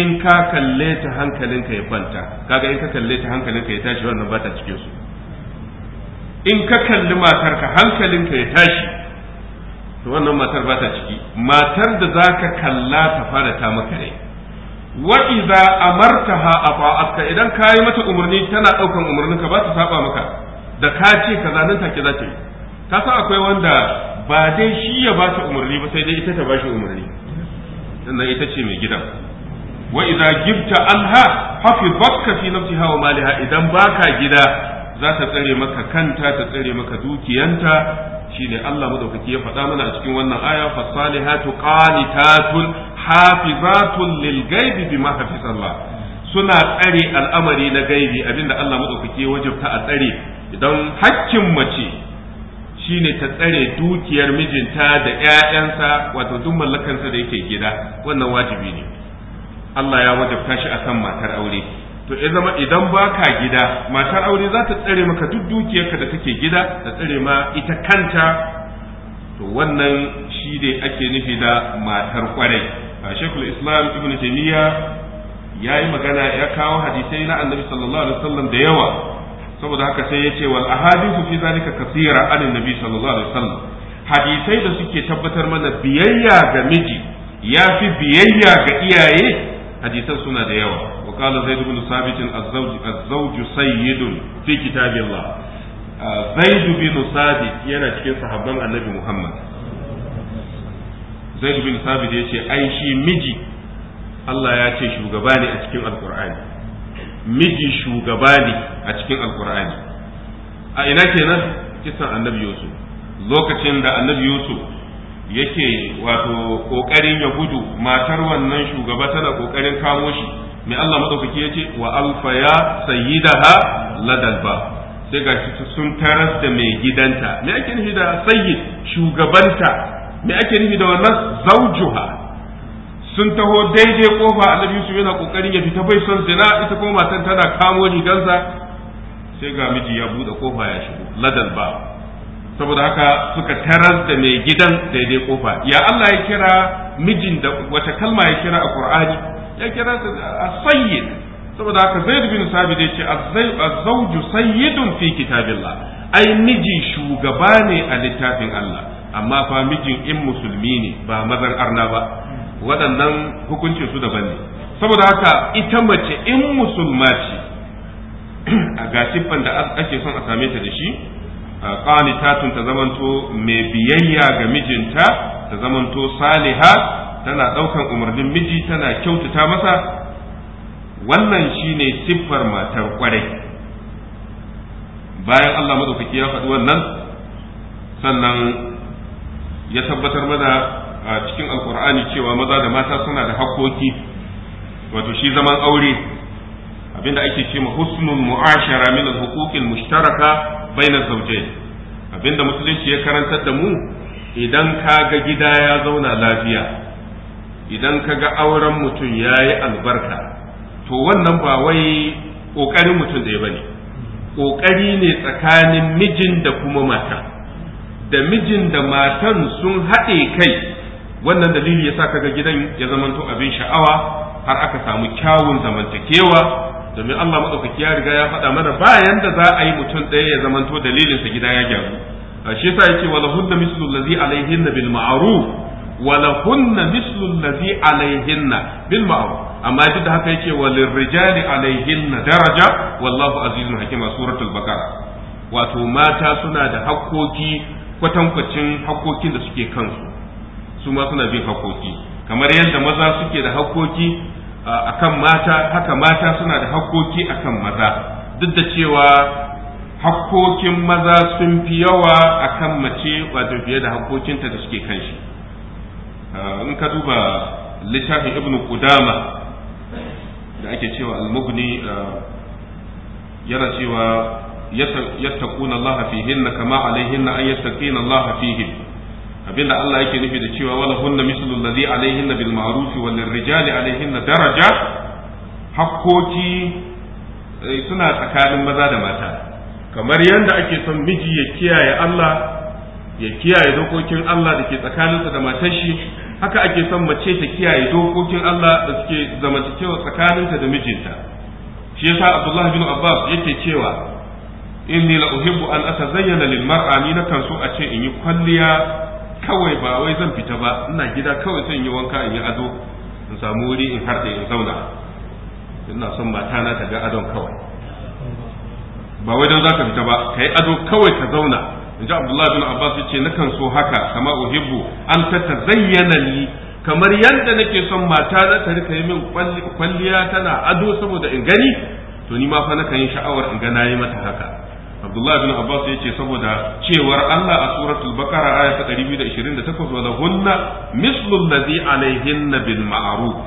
in ka kalle ta hankalinka ya kwanta kaga in ka kalle ta hankalinka ya tashi wannan ba ta cikin su in ka kalli matarka hankalinka ya tashi to wannan matar ba ta ciki matar da za ka kalla ta fara ta maka ne wa idza amartaha ata'atka idan ka yi mata umarni tana daukan umarninka ba ta saba maka da ka ce kaza nan take za ta yi ka san akwai wanda ba dai shi ya ba ta umarni ba sai dai ita ta ba shi umarni sannan ita ce mai gidan wa idza gibta anha hafizaka fi nafsiha wa maliha idan baka gida za ta tsare maka kanta ta tsare maka dukiyanta shine Allah madaukaki ya faɗa mana a cikin wannan aya fasalihatu qanitatun hafizatun lil ghaibi bima hafizallah suna tsare al'amari na gaibi abinda Allah madaukaki ya wajabta a tsare idan hakkin mace shine ta tsare dukiyar mijinta da 'ya'yansa wato duk mallakansa da yake gida wannan wajibi ne Allah ya wajabta shi akan matar aure to ya zama idan baka gida matar aure za ta tsare maka duk dukiyarka da take gida ta tsare ma ita kanta to wannan shi ne ake nufi da matar kwarai shekul islam ibn taymiya ya yi magana ya kawo hadisai na annabi sallallahu alaihi wasallam da yawa saboda haka sai yace wal ahadithu fi zalika kathira an nabi sallallahu alaihi wasallam hadisai da suke tabbatar mana biyayya ga miji ya fi biyayya ga iyaye hadisan suna da yawa wa qala zaid ibn sabit az-zawj az-zawj sayyidun fi kitabillah zaid bin sabit yana cikin sahabban annabi muhammad zaid bin sabit yace ai shi miji Allah ya ce shugaba ne a cikin alqur'ani miji shugaba ne a cikin alkur'ani a ina kenan kisan annabi yusuf lokacin da annabi yusuf yake wato kokarin ya gudu matar wannan shugaba tana kokarin kamo shi mai Allah madaukaki yace wa alfa ya sayyidaha ladalba sai ga shi sun taras da mai gidanta me ake nufi da sayyid shugabanta me ake nufi da wannan zaujuha sun taho daidai kofa annabi Yusuf yana kokarin ya fita bai son zina ita kuma matan tana kamo rigansa sai ga miji ya bude kofa ya shigo ladal ba saboda haka suka taras da mai gidan daidai kofa ya Allah ya kira mijin da wata kalma ya kira a Qur'ani ya kira sa sayyid saboda haka Zaid bin Sabit ya ce az-zawju sayyidun fi kitabillah ai miji shugaba ne a littafin Allah amma fa mijin in musulmi ne ba mazan arna ba waɗannan hukuncin su daban ne saboda haka ita mace in musulma ce a ga siffan da ake son a same ta da shi qanitatun ta zamanto mai biyayya ga mijinta ta zamanto saliha tana ɗaukan umarnin miji tana kyautata masa wannan shine siffar matar kwarai bayan Allah madaukaki ya faɗi wannan sannan ya tabbatar mana a cikin alkur'ani cewa maza da mata suna da hakkoki wato shi zaman aure abinda ake ce ma husnul mu'ashara min al-huquqil mushtaraka bayna zawjayn abinda musulunci ya karantar da mu idan ka ga gida ya zauna lafiya idan ka ga auren mutum ya yi albarka to wannan ba wai ƙoƙarin mutum ɗaya ba ne ƙoƙari ne tsakanin mijin da kuma mata da mijin da matan sun haɗe kai wannan dalili yasa kaga gidan ya zamanto abin sha'awa har aka samu kyawun zamantakewa domin Allah madaukaki ya riga ya faɗa mana bayan da za a yi mutum ɗaya ya zamanto dalilinsa gida ya gyaru shi yasa yake wala hunna mislu allazi alaihinna bil ma'ruf wala hunna mislu allazi alaihinna bil ma'ruf amma duk da haka yake walil rijali alaihinna daraja wallahu azizun hakima suratul baqara wato mata suna da hakkoki kwatankwacin hakkokin da suke kansu su ma suna bin hakoki kamar yadda maza suke da hakoki akan mata haka mata suna da hakoki akan maza duk da cewa hakkokin maza sun fi yawa akan mace wato fiye da hakokinta da suke kan shi in ka duba littafin ibnu kudama da ake cewa al-mughni yana cewa yattaquna Allah fihinna kama alaihinna an yattaqina Allah fihinna abinda Allah yake nufi da cewa wala hunna mislu allazi alaihinna bil ma'ruf wal rijali alaihinna daraja hakkoki eh, suna tsakanin maza da mata kamar yadda ake son miji ya kiyaye Allah ya kiyaye dokokin Allah da ke tsakaninsa da matar shi haka ake son mace ta kiyaye dokokin Allah da suke zamantakewa tsakaninta da mijinta shi yasa Abdullah bin Abbas yake cewa inni la uhibbu an atazayyana lil mar'a ni na kan so a ce in yi kwalliya kawai ba wai zan fita ba ina gida kawai son yi wanka in yi ado in samu wuri in harɗe in zauna ina son mata na ta ga adon kawai ba wai don za ka fita ba ka yi ado kawai ka zauna in ji abdullahi bin abbas ya ce nakan so haka kama uhibbu an ta zayyana ni kamar yadda nake son mata na ta rika yi min kwalliya tana ado saboda in gani to ni ma fa nakan yi sha'awar in ga nayi mata haka Abdullah bin Abbas ya ce saboda cewar Allah a suratul Baqara aya ta 228 wa lahunna mislu allazi alaihinna bil ma'ruf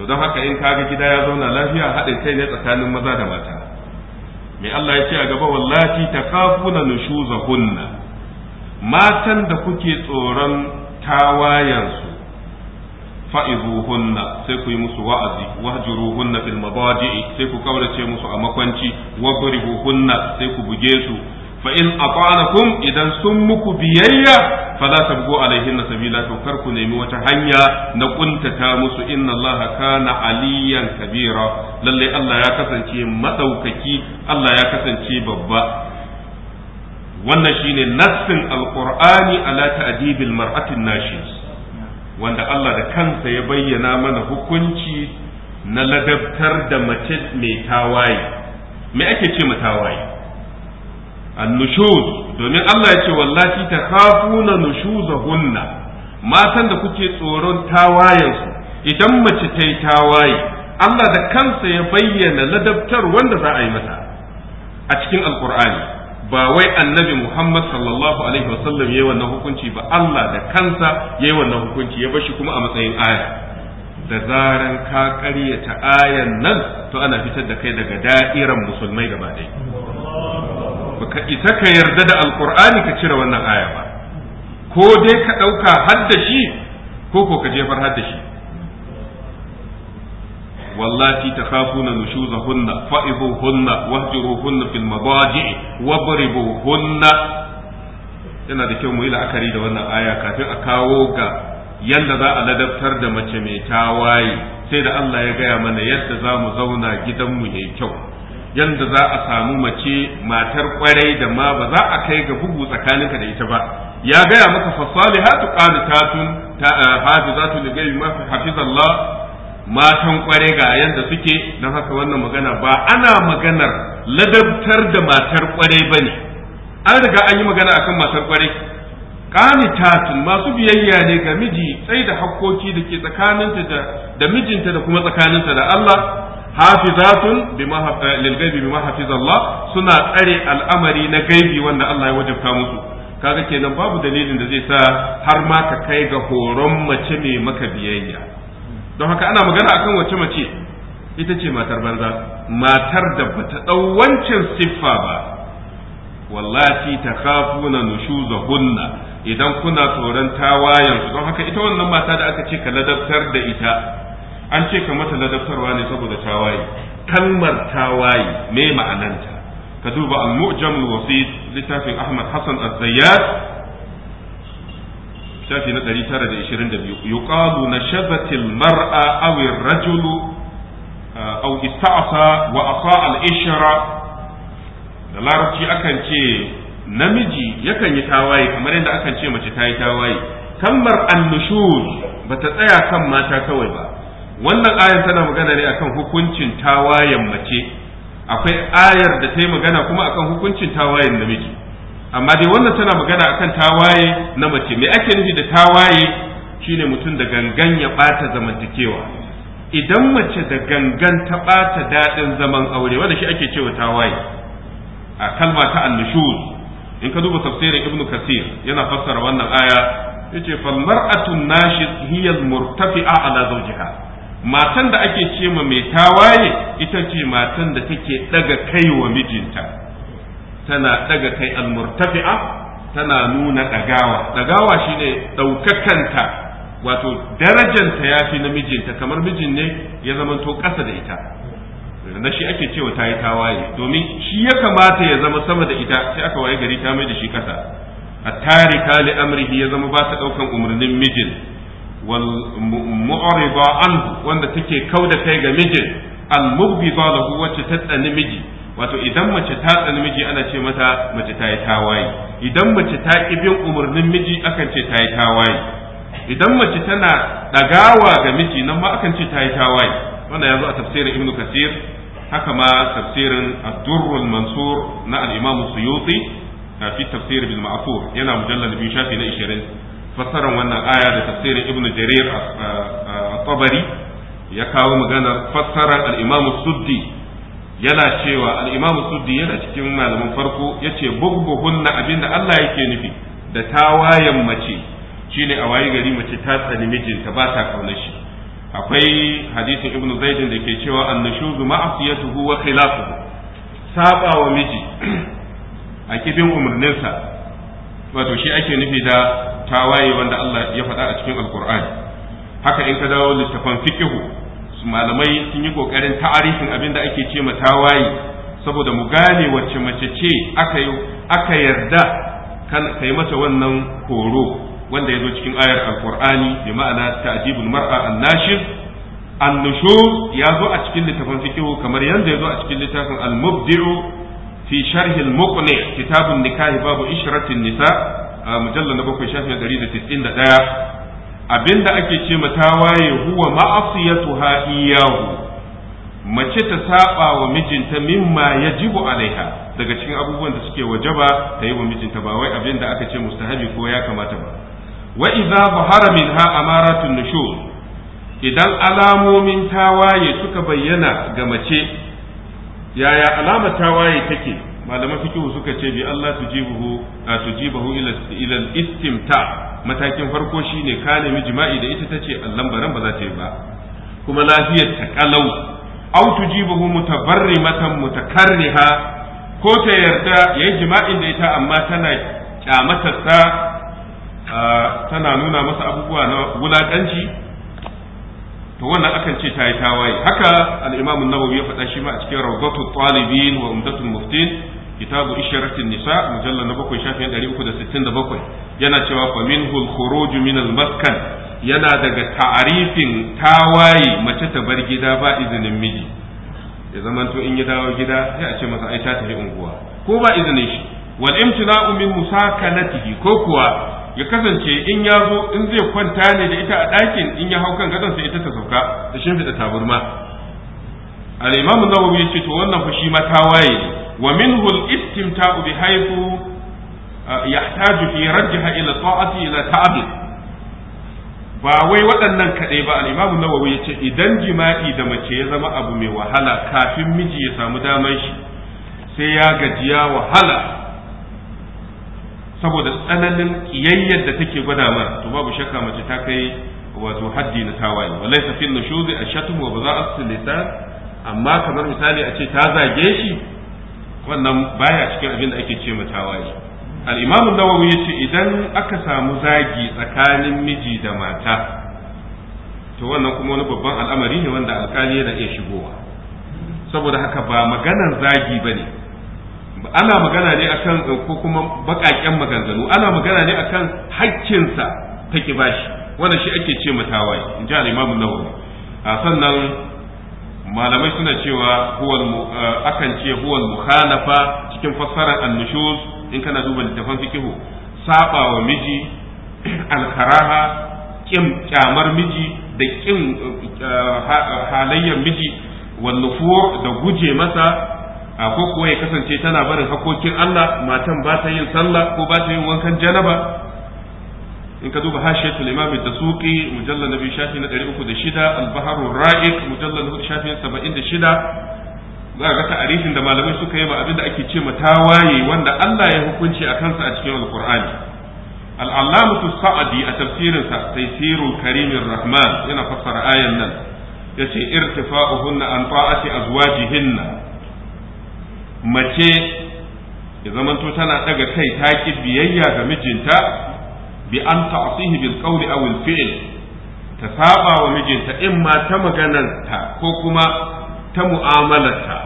to don haka in kaga gida ya zauna lafiya haɗin kai ne tsakanin maza da mata mai Allah ya ce a gaba wallahi takafuna nushuzahunna matan da kuke tsoron tawayansu fa'izuhunna sai ku yi musu wa'azi wahjuruhunna fil madaji'i sai ku kaurace musu a makwanci wabribuhunna sai ku buge su fa in ata'anakum idan sun muku biyayya fala tabgu alaihinna sabila to kar ku nemi wata hanya na kuntata musu inna allaha kana aliyan kabira lalle Allah ya kasance madaukaki Allah ya kasance babba wannan shine nassin alqur'ani ala ta'dibil mar'atin nashis wanda Allah da kansa ya bayyana mana hukunci na ladabtar da mace mai tawaye me ake ce tawaye? annushuz domin Allah ya ce wallahi ta kafuna nushuzahunna matan da kuke tsoron tawayensu idan mace ta yi tawaye Allah da kansa ya bayyana ladabtar wanda za a yi mata a cikin alkur'ani ba wai annabi Muhammad sallallahu alaihi wasallam yayi wannan hukunci ba Allah da kansa yayi wannan hukunci ya bashi kuma a matsayin aya da zaran ka ƙaryata ayan nan to ana fitar da kai daga da'iran musulmai gaba ɗaya baka isa ka yarda da alqur'ani ka cire wannan aya ba ko dai ka ɗauka haddashi ko ko ka jefar haddashi wallati takhafuna nushuzahunna fa'ibuhunna wahjuruhunna fil madaji wabribuhunna yana da kyau mu yi la'akari da wannan aya kafin a kawo ga yadda za a ladabtar da mace mai tawaye sai da Allah ya gaya mana yadda za mu zauna gidanmu yayi kyau yadda za a samu mace matar kwarai da ma ba za a kai ga bugu tsakaninka da ita ba ya gaya maka fasalihatu qanitatun eh, hafizatu lighaybi ma hafizallah matan kware ga yadda suke na haka wannan magana ba ana maganar ladabtar da matar kware ba ne an riga an yi magana akan matar kware kanitatun masu biyayya ne ga miji sai da hakkoki da ke tsakaninta da mijinta da kuma tsakaninta da Allah hafizatun bima eh, lil gaibi bima suna tsare al'amari na gaibi wanda Allah ya wajabta musu kaga kenan babu dalilin da zai sa har ma ka kai ga horon mace mai maka biyayya don haka ana magana akan wace mace ita ce matar banza matar da bata ɗau wancan siffa ba Wallafi ta kafuna hunna idan kuna tsoron tawayensu don haka ita wannan mata da aka ce ka ladabtar da ita an ce ka mata ladabtarwa ne saboda tawaye kalmar tawaye me ma'ananta ka duba al-mu'jam al-wasit littafin Ahmad Hassan az-Zayyad shafi na 922 yuqalu nashabatil mar'a aw rajulu uh, aw ista'sa wa asa al-ishra da larabci akan ce namiji yakan yi tawaye kamar yadda akan ce mace ta yi tawaye kalmar annushuz ba ta tsaya kan mata kawai ba wannan ayar tana magana ne akan hukuncin tawayen mace akwai ayar da ta yi magana kuma akan hukuncin tawayen namiji amma dai wannan tana magana akan tawaye na mace Mai ake nufi da tawaye shine mutum da gangan ya bata zamantakewa idan mace da gangan ta bata daɗin zaman aure wanda shi ake cewa tawaye a kalma ta annushuz in ka duba tafsirin Ibnu kasir yana fassara wannan aya yace fal mar'atu nashid hiya al murtafi'a ala zawjiha matan da ake cewa mai tawaye ita ce matan da take daga kai wa mijinta tana daga kai almurtafi'a tana nuna dagawa dagawa shine daukakanta wato darajanta ya fi na mijinta kamar mijin ne ya zamanto ƙasa da ita na shi ake cewa ta yi tawaye domin shi ya kamata ya zama sama da ita sai aka waye gari ta mai da shi ƙasa a tarika li amrihi ya zama ba ta ɗaukan umarnin mijin wal mu'rida anhu wanda take kauda kai ga mijin al mubghida lahu wacce ta tsani miji wato idan mace ta tsani miji ana ce mata mace ta yi tawaye idan mace ta ki bin umarnin miji akan ce ta yi tawaye idan mace tana ɗagawa ga miji nan ma akan ce ta yi tawaye wannan ya zo a tafsirin ibnu kasir haka ma tafsirin ad mansur na al-imam suyuti fi tafsir bil yana mujallal bi shafi na 20 fassarar wannan aya da tafsirin ibnu jarir a tabari ya kawo maganar fassarar al-imam suddi yana cewa al-imamu suddi yana cikin malamin farko ya yace na abinda Allah yake nufi da tawayen mace shine a wayi gari mace ta tsani mijinta ba ta kaunar shi akwai hadisin ibn zaidin da ke cewa annashuzu ma'asiyatuhu wa khilafuhu saba wa miji a kibin umarninsa wato shi ake nufi da tawaye wanda Allah ya faɗa a cikin alqur'ani haka in ka dawo littafan fiqhu malamai sun yi kokarin ta'arifin abin da ake ce waye saboda mu gane wacce mace ce aka yarda ka kai mata wannan koro wanda ya zo cikin ayar alkur'ani bi ma'ana ta'jibul mar'a annashir annushur ya zo a cikin littafin fiqh kamar yanda ya zo a cikin littafin al-mubdi'u fi sharh al-muqni kitabun nikahi babu ishratin nisa mujallal na bakwai 191 abinda ake ce ma tawaye huwa ma'asiyatuha iyahu mace ta saba wa mijinta mimma yajibu alaiha daga cikin abubuwan da suke wajaba ta yi wa mijinta ba wai abinda aka ce mustahabi ko ya kamata ba wa idza zahara minha amaratun nushur idan alamomin tawaye suka bayyana ga mace yaya alama tawaye take malaman fikihu suka ce bi Allah tujibuhu tujibuhu ila istimta' matakin farko shine ka nemi jima'i da ita tace allan baran ba za ta yi ba kuma lafiyar ta kalau aw tujibuhu mutabarrimatan mutakarriha ko ta yarda yayi jima'in da ita amma tana kyamatarsa tana nuna masa abubuwa na wulakanci to wannan akan ce tayi tawaye haka al-Imam an-Nawawi ya faɗa shi ma a cikin Rawdatul Talibin wa Umdatul Muftin kitabu isharatin nisa mujalla na bakwai shafin ɗari uku da sittin da bakwai yana cewa fa minhul khuruju min al maskan yana daga ta'arifin tawaye mace ta bar gida ba izinin miji ya zamanto in ya dawo gida sai a ce masa ai ta tafi unguwa ko ba izinin shi wal imtina'u min musakanatihi ko kuwa ya kasance in ya zo in zai kwanta ne da ita a ɗakin in ya hau kan gadon sai ita ta sauka da shimfiɗa taburma al-imam an-nawawi ya ce to wannan fa shi ma tawaye wa minhu al-istimta'u bi haythu uh, yahtaju fi rajha ila ta'ati ila ba wai waɗannan kaɗai ba al-imam ya ce. idan jima'i da mace ya zama abu mai wahala kafin miji ya samu damar shi sai ya gajiya wahala saboda tsananin ƙiyayyar da take gwada mana to babu shakka mace ta kai wato haddi na tawaye wa laysa fil nushuzi ashatum wa baza'at lisan amma kamar misali a ce ta zage shi wannan baya cikin abin da ake ce matawaye al-imamu nawawi yace idan aka samu zagi tsakanin miji da mata to wannan kuma wani babban al'amari ne wanda alkali yana iya shigowa saboda haka ba maganar zagi bane ana magana ne akan ko kuma bakaken maganganu ana magana ne akan haƙƙinsa ta bashi. wannan shi ake ce matawaye in ji al-imamu nawawi sannan malamai suna cewa eh, akan ce huwal mukhalafa cikin fassarar annushuz in kana duba littafan fikihu saba wa miji alkaraha kin kyamar miji da kin eh, halayyar miji wal nufur da guje masa ko kuwa ya kasance tana barin hakokin Allah matan ba ta yin sallah ko ba ta yin wankan janaba in ka duba hashiyatul imam ad mujallar na biyu shafi na da shida, Albaharun Ra'ik mujallar na nabi shafi na shida. za ga ta'arifin da malamai suka yi ma abinda ake ce ma tawaye wanda Allah ya hukunci a kansa a cikin al-Qur'ani al Sa'adi a tafsirinsa taysirul Karimin rahman yana fassara ayan nan ce irtifa'uhunna an ta'ati azwajihinna mace ya zamanto tana daga kai ta ki biyayya ga mijinta bi an ta'sihi bil qawli aw al fi'l ta saɓawa wa mijinta in ma ta maganarta ko kuma ta mu'amalarta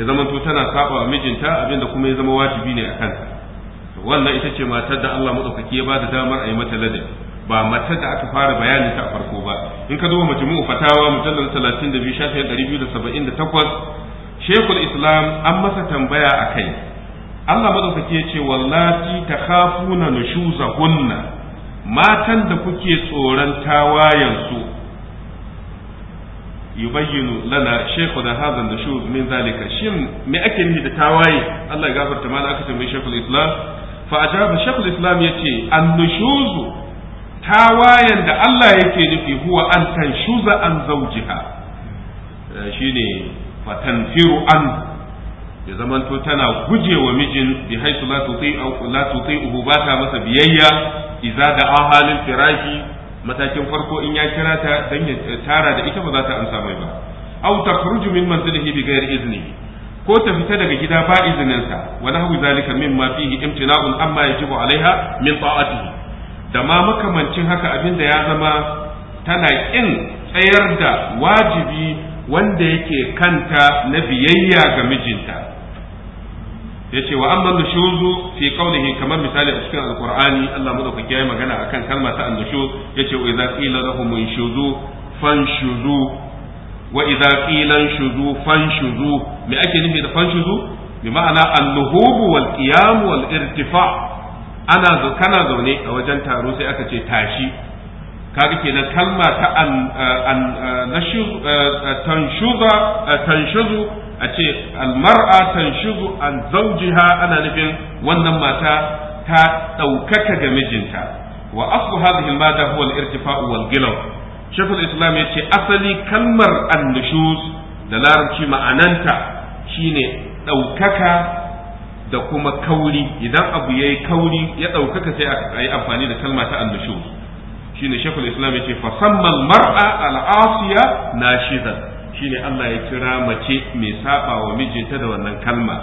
ya zama to tana saba wa mijinta abinda kuma ya zama wajibi ne a kanta wannan ita ce matar da Allah madaukaki ya bada damar a yi mata ladabi ba matar da aka fara bayani ta a farko ba in ka duba majmu'u fatawa mujallal 32 shafin shekul islam an masa tambaya akai Allah madaukaki ya ce wallati takhafuna nushuzahunna matan da kuke tsoron tawayensu yubayyinu lana shaykhu da hadan da shuz min zalika shin me ake nufi da tawaye Allah ya gafarta mana aka tambaye shaykhul islam fa ajaba shaykhul islam yace an-nushuzu tawayen da Allah yake nufi huwa an tanshuza an zawjiha eh, shine fatanfiru an ya zamanto tana guje wa mijin bi haisu la tuti'u la tuti'uhu ba ta masa biyayya idza da ahalin firashi matakin farko in ya kira ta dan ya tara da ita ba za ta amsa mai ba aw takhruju min manzilihi bi ghairi izni ko ta fita daga gida ba izinin sa wa nahwi zalika mimma fihi imtina'un amma yajibu alaiha min ta'atihi da ma makamancin haka abinda ya zama tana kin tsayar da wajibi wanda yake kanta na biyayya ga mijinta yace wa amma nushuzu fi qawlihi kamar misali a cikin alqur'ani Allah madaukaki yayi magana akan kalma ta annushuz yace wa idza qila lahum inshuzu fanshuzu wa idza qila inshuzu fanshuzu me ake nufi da fanshuzu bi ma'ana annuhubu wal qiyam wal irtifa ana kana zaune a wajen taro sai aka ce tashi kaga kenan kalma ta an nashu tanshuza tanshuzu a ce almar'a tanshuzu an zawjiha ana nufin wannan mata ta ɗaukaka ga mijinta wa asu hadhihi almada huwa al-irtifa'u wal gilaw shaykhul islam yace asali kalmar annushuz da larabci ma'ananta shine ɗaukaka da kuma kauri idan abu yayi kauri ya ɗaukaka sai a yi amfani da kalma ta annushuz shine shaykhul islam yace fa samma almar'a al-asiya nashizan shine Allah ya kira mace mai saba wa mijinta da wannan kalma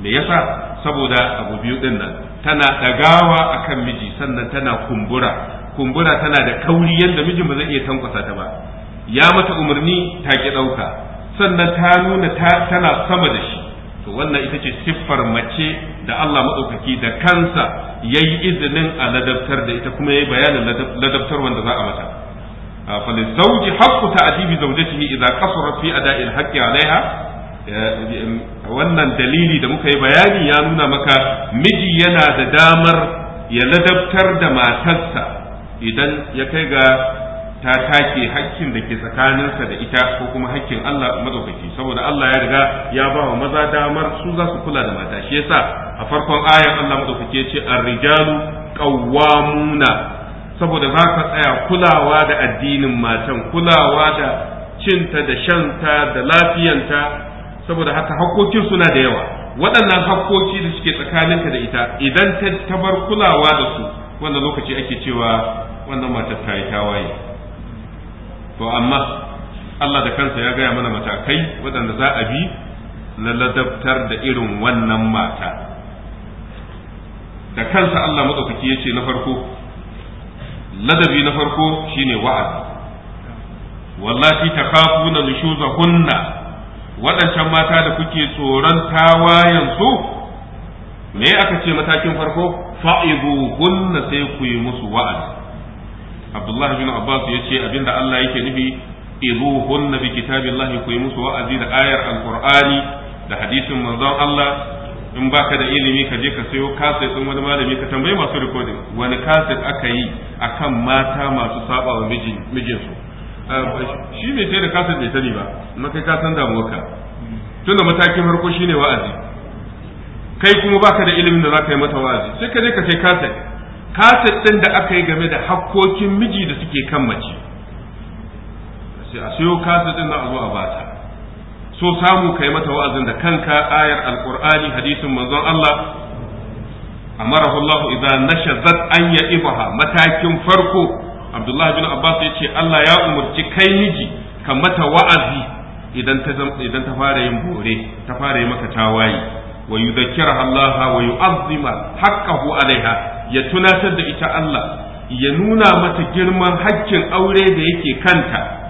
me yasa saboda abu biyu din nan tana dagawa akan miji sannan tana kumbura kumbura tana da kauri yadda mijin ba zai iya tankwasa ta ba ya mata umarni ta ki dauka sannan ta nuna tana sama da shi to wannan ita ce siffar mace da Allah madaukaki da kansa yayi izinin a ladabtar da ita kuma yayi bayanin ladabtar wanda za a mata فللزوج حق تأديب زوجته إذا قصر في أداء الحق عليها wannan dalili da muka yi bayani ya nuna maka miji yana da damar ya ladabtar da matarsa idan ya kai ga ta take hakkin da ke tsakaninsa da ita ko kuma hakkin Allah madaukaki saboda Allah ya riga ya ba wa maza damar su za su kula da mata shi yasa a farkon ayan Allah madaukaki ya ce ar-rijalu qawwamuna saboda za ka tsaya kulawa da addinin matan kulawa da cinta da shanta da lafiyanta saboda haka hakkokin suna da yawa waɗannan hakkoki da suke tsakaninka da ita idan ta tabar kulawa da su wannan lokaci ake cewa wannan matar ta yi tawaye to amma Allah da kansa ya gaya mana matakai waɗanda za a bi na ladabtar da irin wannan mata da kansa Allah maɗaukaki ya ce na farko ladabi na farko shine wa'azi na takafuna nushuzahunna waɗancan mata da kuke tsoron tawayen su me aka ce matakin farko hunna sai ku yi musu wa'azi Abdullah bin Abbas ya ce abinda Allah yake nufi ibuhunna bi kitabillahi ku yi musu wa'azi da ayar alqur'ani da hadisin manzon Allah in baka da ilimi ka je ka sayo kaset din wani malami ka tambayi masu recording wani kaset aka yi akan mata masu saba wa mijinsu ah, shi ne sai da kaset bai sani ba amma kai ka san damuwarka tunda matakin farko shine wa'azi kai kuma baka da ilimin da zaka yi mata wa'azi sai ka je ka sai kaset kaset din da aka yi game da hakkokin miji da suke kan mace sai a sayo kaset din na a zo a bata so samu kai mata wa'azin da kanka ayar alqur'ani hadisin manzon Allah amarahu Allah idza nashazat an ya'ibaha matakin farko Abdullah bin Abbas ya ce Allah ya umurci kai miji ka mata wa'azi idan ta idan ta fara yin bore ta fara yi maka tawaye wa yudhakkiraha Allah wa yu'azzima haqqahu alaiha ya tunatar da ita Allah ya nuna mata girman haƙƙin aure da yake kanta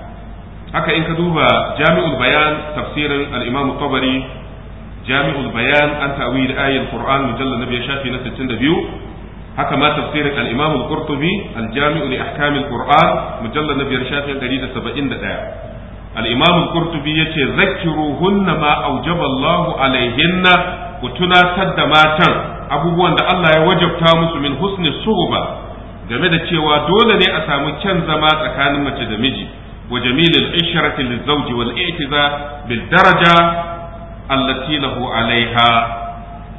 haka in ka duba jami'ul bayan tafsirin al-imam tabari jami'ul bayan an ta'wil ayatul qur'an mujallal nabiy shafi na 62 haka ma tafsirin al-imam al-qurtubi al-jami'u li ahkam al-qur'an mujallal nabiy shafi 171 al-imam al-qurtubi yace zakkiruhunna ma awjaba Allahu alaihinna ku tunatar da matan abubuwan da Allah ya wajabta musu min husni suhba game da cewa dole ne a samu kyan zama tsakanin mace da miji وجميل العشرة للزوج والاعتزاء بالدرجة التي له عليها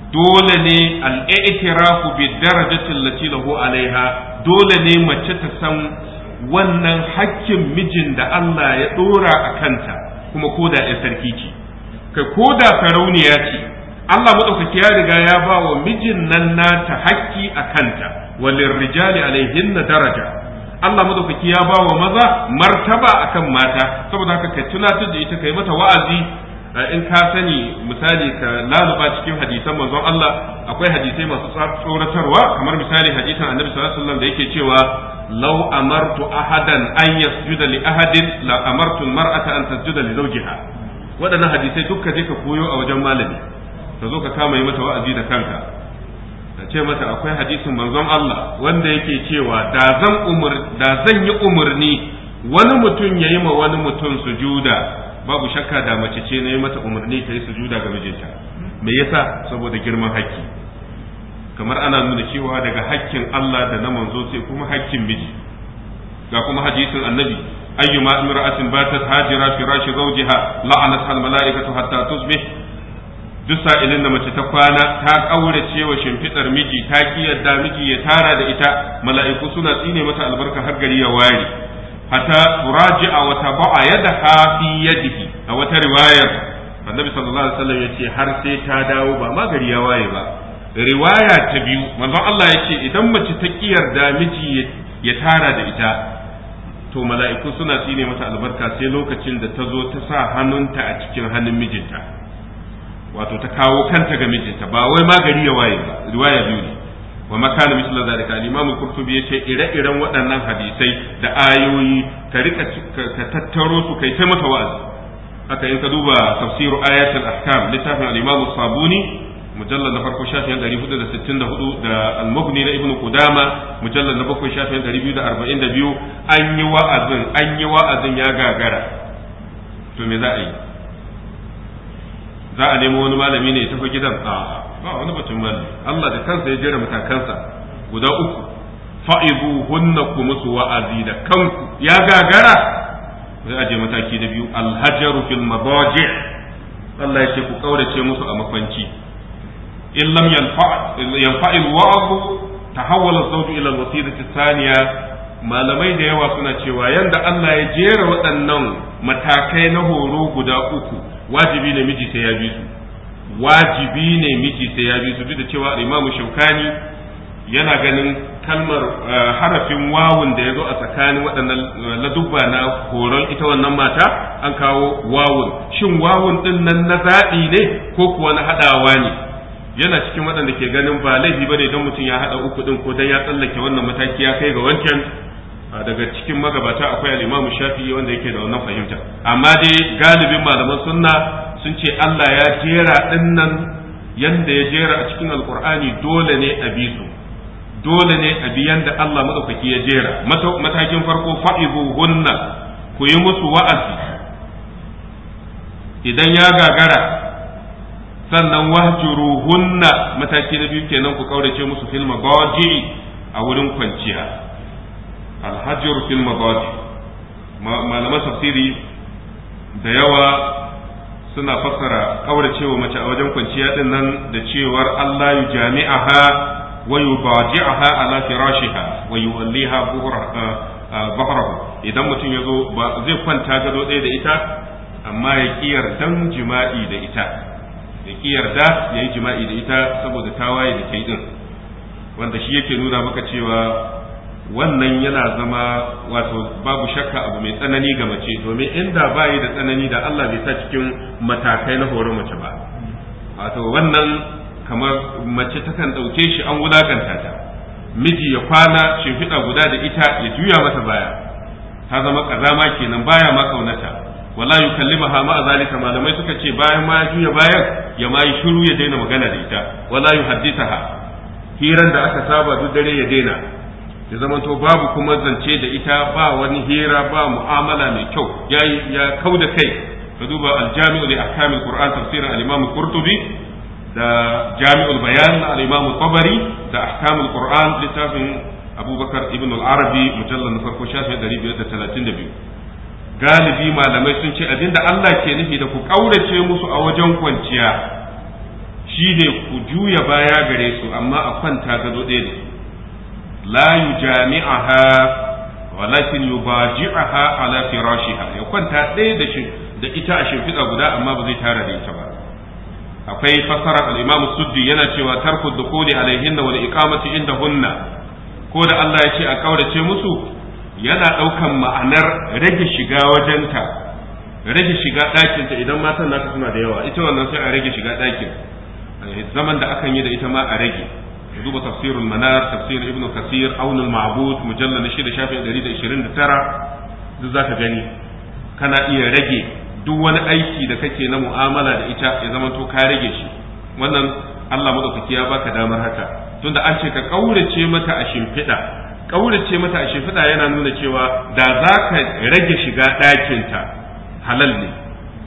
dole ne al'itirafu bi darajatin lati lahu alaiha dole ne mace ta san wannan hakkin mijin da Allah ya ɗora a kanta kuma koda ya sarki ce kai koda sarauniya ce Allah madaukaki ya riga ya ba wa mijin nan nata hakki a kanta walin rijali alaihinna daraja Allah madaukaki ya ba wa maza martaba akan mata saboda haka ka tunatar da ita kai mata wa'azi in ka sani misali ka laluba cikin hadisan manzon Allah akwai hadisai masu tsoratarwa kamar misali hadisan Annabi sallallahu alaihi da yake cewa law amartu ahadan an yasjuda li ahadin la amartu almar'ata an tasjuda li zawjiha waɗannan hadisai duk ka je ka koyo a wajen malami ka zo ka kama yi mata wa'azi da kanka Ace ce mata akwai hadisin manzon Allah wanda yake cewa da zan umur da zan yi umarni wani mutum ya yi ma wani mutum sujuda babu shakka da mace ce na yi mata umarni ta yi sujuda ga mijinta me yasa saboda girman hakki kamar ana nuna cewa daga hakkin Allah da na manzo sai kuma hakkin miji ga kuma hadisin annabi ayyuma imra'atin batat hajira firashi zawjiha la'anat al mala'ikatu hatta tusbih duk sa'ilin da mace ta kwana ta ƙaurace wa shimfiɗar miji ta ki da miji ya tara da ita mala'iku suna tsine mata albarka har gari ya ware hatta turaji'a wa taba'a ha fi yadihi a wata riwayar annabi sallallahu alaihi wasallam yace har sai ta dawo ba ma gari ya waye ba riwaya ta biyu manzon Allah yace idan mace ta kiyar da miji ya tara da ita to mala'iku suna tsine mata albarka sai lokacin da ta zo ta sa hannunta a cikin hannun mijinta wato ta kawo kanta ga mijinta ba wai magari ya waye ba riwaya biyu ne wa makana misal zalika al-imam qurtubi yace ire-iren waɗannan hadisai da ayoyi ka rika ka tattaro su kai ta masa wa'azi haka in ka duba tafsiru ayatul ahkam littafin al-imam sabuni mujallal na farko shafin 464 da al-mughni na ibnu qudama mujallal na bakwai shafin 242 an yi wa'azin an yi wa'azin ya gagara to me za a yi za a nemo wani malami ne ya tafi gidan a ba wani batun malami Allah da kansa ya jera matakansa guda uku Fa'idu hunna ku musu wa'azi da kanku ya gagara sai a je mataki na biyu alhajaru fil mabaji Allah ya ce ku kaurace musu a makwanci in lam il wa'azu tahawwala zawju ila alwasilati thaniya malamai da yawa suna cewa yanda Allah ya jera waɗannan matakai na horo guda uku wajibi ne miji sai ya bi su wajibi ne miji sai ya bi su duk da cewa imamu shaukani yana ganin kalmar eh, harafin wawun da ya zo a tsakanin waɗannan eh, ladubba na horon ita wannan mata an kawo wawun shin wawun ɗin nan na zaɓi ne ko kuwa na haɗawa ne yana cikin waɗanda ke ganin ba laifi ba ne don mutum ya haɗa uku ɗin ko don ya tsallake wannan mataki ya kai ga wancan daga cikin magabata akwai al-Imam Shafi'i wanda yake da wannan fahimta amma dai galibin malaman sunna sun ce Allah ya jera dinnan yanda ya jera a cikin Al-Qur'ani dole ne a bi su dole ne a bi yanda Allah madaukaki ya jera matakin farko hunna ku yi musu wa'azi idan ya gagara sannan hunna mataki na biyu kenan ku kaurace musu filma gawaji a wurin kwanciya alhajjar fil mabadi malaman tafsiri da yawa suna fassara cewa mace a wajen kwanciya din nan da cewar Allah jami'a jami'aha wa ha ala firashiha wa yu'alliha buhrahu ah, ah, idan mutum ya zo ba zai kwanta gado ɗaya da ita amma ya kiyar dan jima'i da ita ya kiyar da ya yi jima'i da ita saboda tawaye da ta yi din wanda shi yake nuna maka cewa wannan yana zama wato babu shakka abu mai tsanani ga mace domin inda bayi da tsanani da Allah bai sa cikin matakai na horo mace ba wato wannan kamar mace takan ɗauke shi an wulaganta ta miji ya kwana shimfiɗa guda da ita ya juya mata baya ta zama ƙazama kenan baya ma ƙaunata wala yukallimaha ma zalika malamai suka ce bayan ma ya juya bayan ya ma yi shiru ya daina magana da ita wala yuhaddithaha hiran da aka saba duk dare ya daina ya zama to babu kuma zance da ita ba wani hira ba mu'amala mai kyau ya ya kau da kai ka duba al-jami'u li ahkamil qur'an tafsirin al-imam qurtubi da jami'ul bayan al-imam tabari da ahkamil qur'an littafin abubakar ibn al-arabi mujallal na farko shafi 532 galibi malamai sun ce abinda Allah ke nufi da ku kaurace musu a wajen kwanciya shi shine ku juya baya gare su amma a kwanta gado ɗaya ne la yujami'aha walakin yubaji'aha ala firashiha ya kwanta ɗaya da ita a shimfiɗa guda amma ba zai tara da ita ba akwai fasara al suddi yana cewa tarku dukhuli alaihinna wal iqamati indahunna ko da Allah ya ce a kaurace musu yana ɗaukan ma'anar rage shiga wajenta rage shiga ɗakinta idan matan naka suna da yawa ita wannan sai a rage shiga ɗakin zaman da akan yi da ita ma a rage duba tafsirin manar tafsir ibn kasir aunin ma'bud mujallar na shida shafin 129 duk ka gani kana iya rage duk wani aiki da kake na mu'amala da ita ya zama to ka rage shi wannan Allah madaukaki ya baka damar haka tunda an ce ka kaurace mata a shimfiɗa kaurace mata a shimfiɗa yana nuna cewa da za ka rage shiga ɗakinta halal ne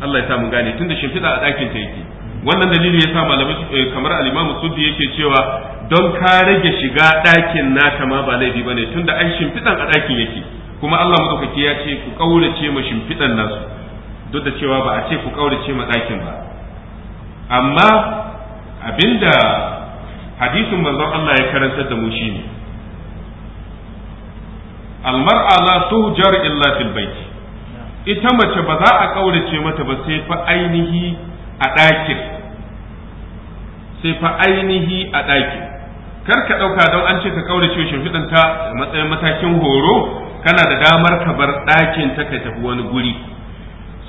Allah ya sa mun gane tunda shimfiɗa a ɗakinta yake wannan dalili ya sa malamai eh, kamar al-Imam yake cewa don ka rage shiga ɗakin nata ma ba laifi bane tunda an shimfiɗan a ɗakin yake kuma Allah madaukaki ya ce ku kaurace ma shimfiɗan nasu duk da cewa ba a ce ku kaurace ma ɗakin ba amma abinda hadisin manzon Allah ya karantar da mu shine almar'a la tuhjar illa fil bayt ita mace ba za a ƙaurace mata ba sai fa ainihi a ɗakin sai fa ainihi a ɗakin kar ka ɗauka don an ce ka kaure ce shimfiɗin ta matsayin matakin horo kana da damar ka bar ɗakin ta kai tafi wani guri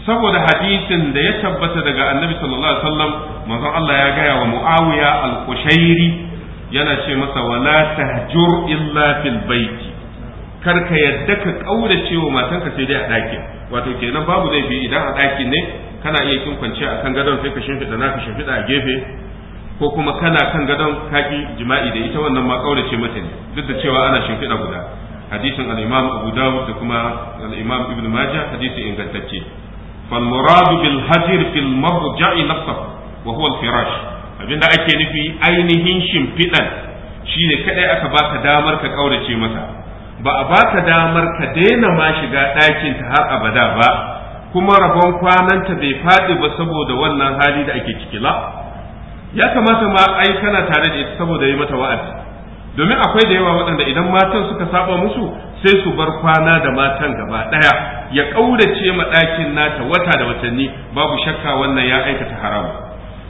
saboda hadisin da ya tabbata daga annabi sallallahu alaihi wasallam manzon Allah ya gaya wa Muawiya al-Qushairi yana ce masa wala tahjur illa fil baiti kar ka yadda ka kaurace wa matanka sai dai a ɗakin wato kenan babu laifi idan a ɗakin ne kana iya kin kwance akan gadon sai ka shimfiɗa ka shimfiɗa a gefe ko kuma kana kan gadon kaki jima'i da ita wannan ma ce mata ne duk da cewa ana shimfiɗa guda hadisin al-imam abu dawud da kuma al-imam ibn majah hadisi ingantacce fal muradu bil hajr fil marja'i nafsahu wa huwa al-firash abinda ake nufi ainihin shimfiɗan shine kadai aka baka damar ka kaurace mata ba a baka damar ka daina ma shiga ɗakin ta har abada ba kuma rabon kwananta bai faɗi ba saboda wannan hali da ake ciki la ya kamata ma ai kana tare da ita saboda yi mata wa'azi domin akwai da yawa waɗanda idan matan suka saba musu sai su bar kwana da matan gaba ɗaya ya ƙaurace ma ɗakin nata wata da watanni babu shakka wannan ya aikata haramu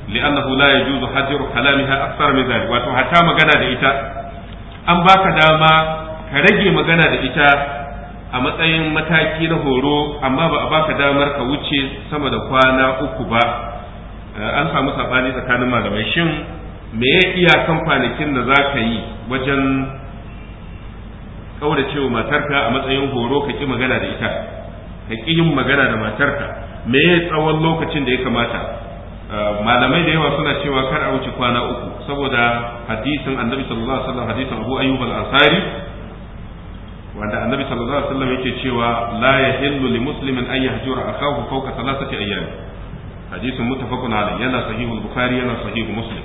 li'annahu la yajuzu hadiru kalamiha akthar min zalik wato hatta magana da ita an baka dama ka rage magana da ita a matsayin mataki na horo amma ba a baka damar ka wuce sama da kwana uku ba Eh, an samu sabani tsakanin malamai shin me ya iyakan kwanakin da za ka yi wajen wa matarka a matsayin horo ka ki magana da ita ka ki yin magana da matarka me ya tsawon lokacin da ya kamata eh, malamai da yawa suna cewa kar a wuce kwana uku saboda hadisin annabi sallallahu alaihi wasallam hadisin abu ayyub al-ansari wanda annabi sallallahu alaihi wasallam yake cewa la yahillu li muslimin an yahjura akahu fawqa thalathati ayyam hadisin mutafakun alayhi yana sahihu bukhari yana sahihu muslim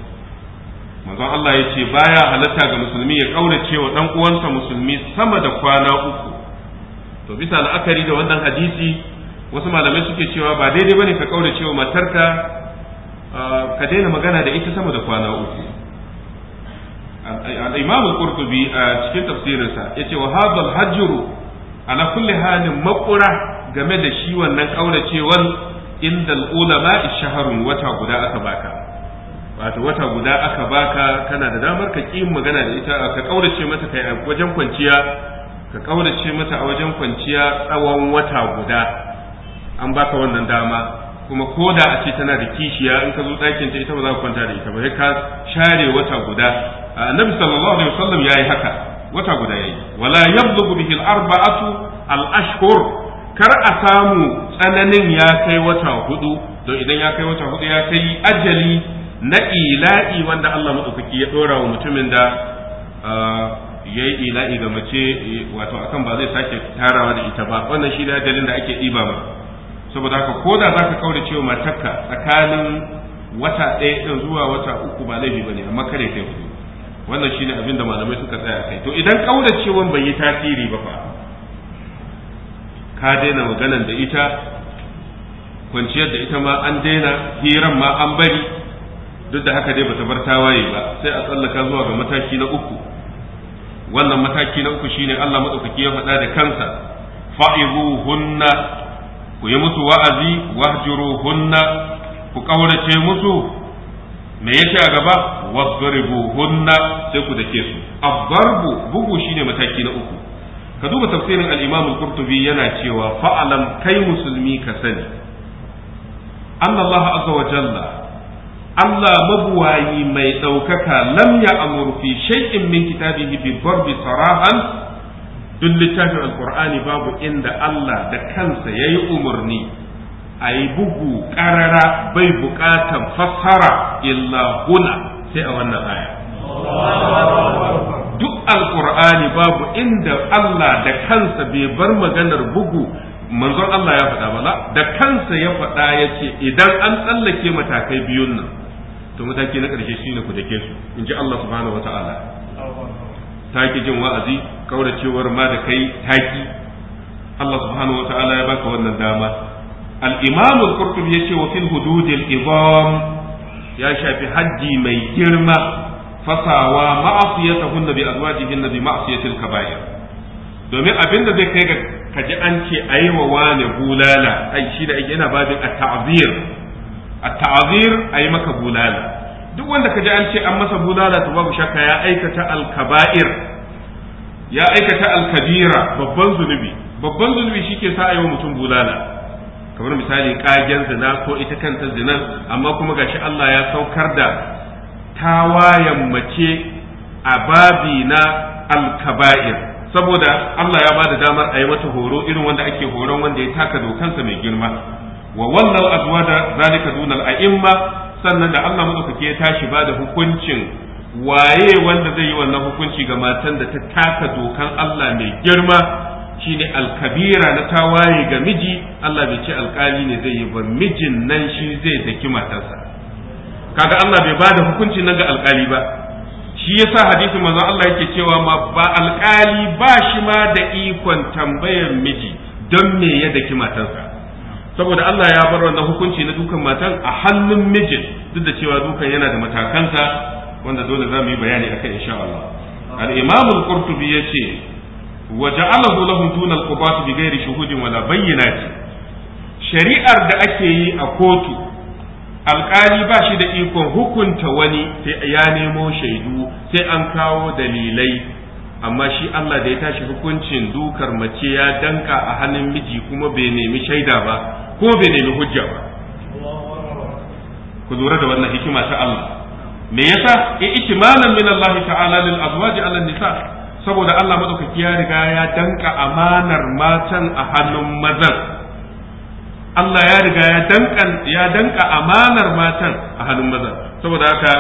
manzon Allah yace baya halatta ga musulmi ya kaura cewa dan uwansa musulmi sama da kwana uku to bisa la'akari da wannan hadisi wasu malamai suke cewa ba daidai bane ka kaurace cewa matarka ka daina magana da ita sama da kwana uku al-imam qurtubi a cikin tafsirinsa yace wa hadal hajru ala kulli halin maqura game da shi wannan cewa inda ulama shaharun wata guda aka baka wato wata guda aka baka kana da damar ka ƙi magana da ita ka ƙaurace mata kai a wajen kwanciya ka kaurace mata a wajen kwanciya tsawon wata guda an baka wannan dama kuma ko da a ce tana da kishiya in ka zo ɗakin ta ita ba za ka kwanta da ita ba sai ka share wata guda annabi sallallahu alaihi wasallam yayi haka wata guda yayi wala yablughu bihi al-arba'atu al-ashhur kar a samu tsananin ya kai wata hudu don idan ya kai wata hudu ya kai ajali na ila'i wanda Allah maɗaukaki ya ɗora wa mutumin da ya yi ila'i ga mace wato akan ba zai sake tarawa da ita ba wannan shi da ajalin da ake ɗiba ma saboda haka ko da za ka kaure cewa matarka tsakanin wata ɗaya ɗin zuwa wata uku ba laifi ba amma kare kai wannan shi abin da malamai suka tsaya kai to idan cewa bai yi tasiri ba fa ka daina maganan da ita kwanciyar da ita ma an daina hiran ma an bari duk da haka dai ba ta bar tawaye ba sai a tsallaka zuwa ga mataki na uku wannan mataki na uku shine Allah madaukaki ya faɗa da kansa fa'ibuhunna ku yi musu wa'azi wahjuruhunna ku kaurace musu me yace a gaba Wasu-ribu-hunna sai ku dake su abbarbu bugu shine mataki na uku ka duba tafsirin al-imam al-qurtubi yana cewa fa'alam kai musulmi ka sani Allah azza wa jalla Allah mabuwayi mai ɗaukaka lam ya amur fi shay'in min kitabihi bi darbi sarahan duk littafin alqur'ani babu inda Allah da kansa yayi umarni a yi bugu ƙarara bai buƙatar fassara illa huna sai a wannan aya duk alkur'ani babu inda Allah da kansa bai bar maganar bugu manzon Allah ya faɗa bala, da kansa ya faɗa ya ce idan an tsallake matakai biyun nan to mataki na ƙarshe shine ku dake su in ji Allah subhanahu wata'ala taki jin wa'azi kauracewar ma da kai taki Allah subhanahu wata'ala ya baka wannan dama al-imam al-qurtubi yace wa fil hudud al-idham ya shafi haddi mai girma fasawa ma'asiyatahunna bi azwajihinna nabi ma'siyatil kaba'ir domin abin da zai kai ga kaji an ce ayi wa wani bulala ai shi da yana babin at-ta'zir at-ta'zir ayi maka bulala duk wanda kaji an ce an masa bulala to babu shakka ya aikata al-kaba'ir ya aikata al-kabira babban zunubi babban zunubi shike sa ayi wa mutum bulala kamar misali kagen zina ko ita kanta zinan amma kuma gashi Allah ya saukar da tawayen mace a babi na alkaba'ir saboda Allah ya bada damar a yi mata horo irin wanda ake horon wanda ya taka dokansa mai girma wa wallau azwada zalika dunal a'imma sannan da Allah madaukake ya tashi bada hukuncin waye wanda zai yi wannan hukunci ga matan da ta taka dokan Allah mai girma shine alkabira na tawaye ga miji Allah bai ce alkali ne zai yi ba mijin nan shi zai daki matarsa kaga Allah bai bada hukunci nan ga alkali ba shi yasa hadisin manzon Allah yake cewa ma ba alkali ba shi ma da ikon tambayar miji don me ya daki matarsa saboda Allah ya bar wannan hukunci na dukan matan a hannun mijin duk da cewa dukan yana da matakansa wanda dole za mu yi bayani akan insha Allah al-Imam al-Qurtubi yace wa ja'alahu lahum dun al-qubat bi ghairi shuhudin wala bayyinati shari'ar da ake yi a kotu alƙali ba shi da ikon hukunta wani sai ya nemo shaidu sai an kawo dalilai amma shi Allah da ya tashi hukuncin dukar mace ya danka a hannun miji kuma bai nemi shaida ba ko bai nemi hujja ba ku lura da wannan hikima ta Allah me yasa e eh, ikimanan min Allah ta'ala lil azwaji ala nisa saboda Allah madaukaki ya riga ya danka amanar matan a hannun mazan Allah ya riga ya danka amanar matan a hannun maza saboda haka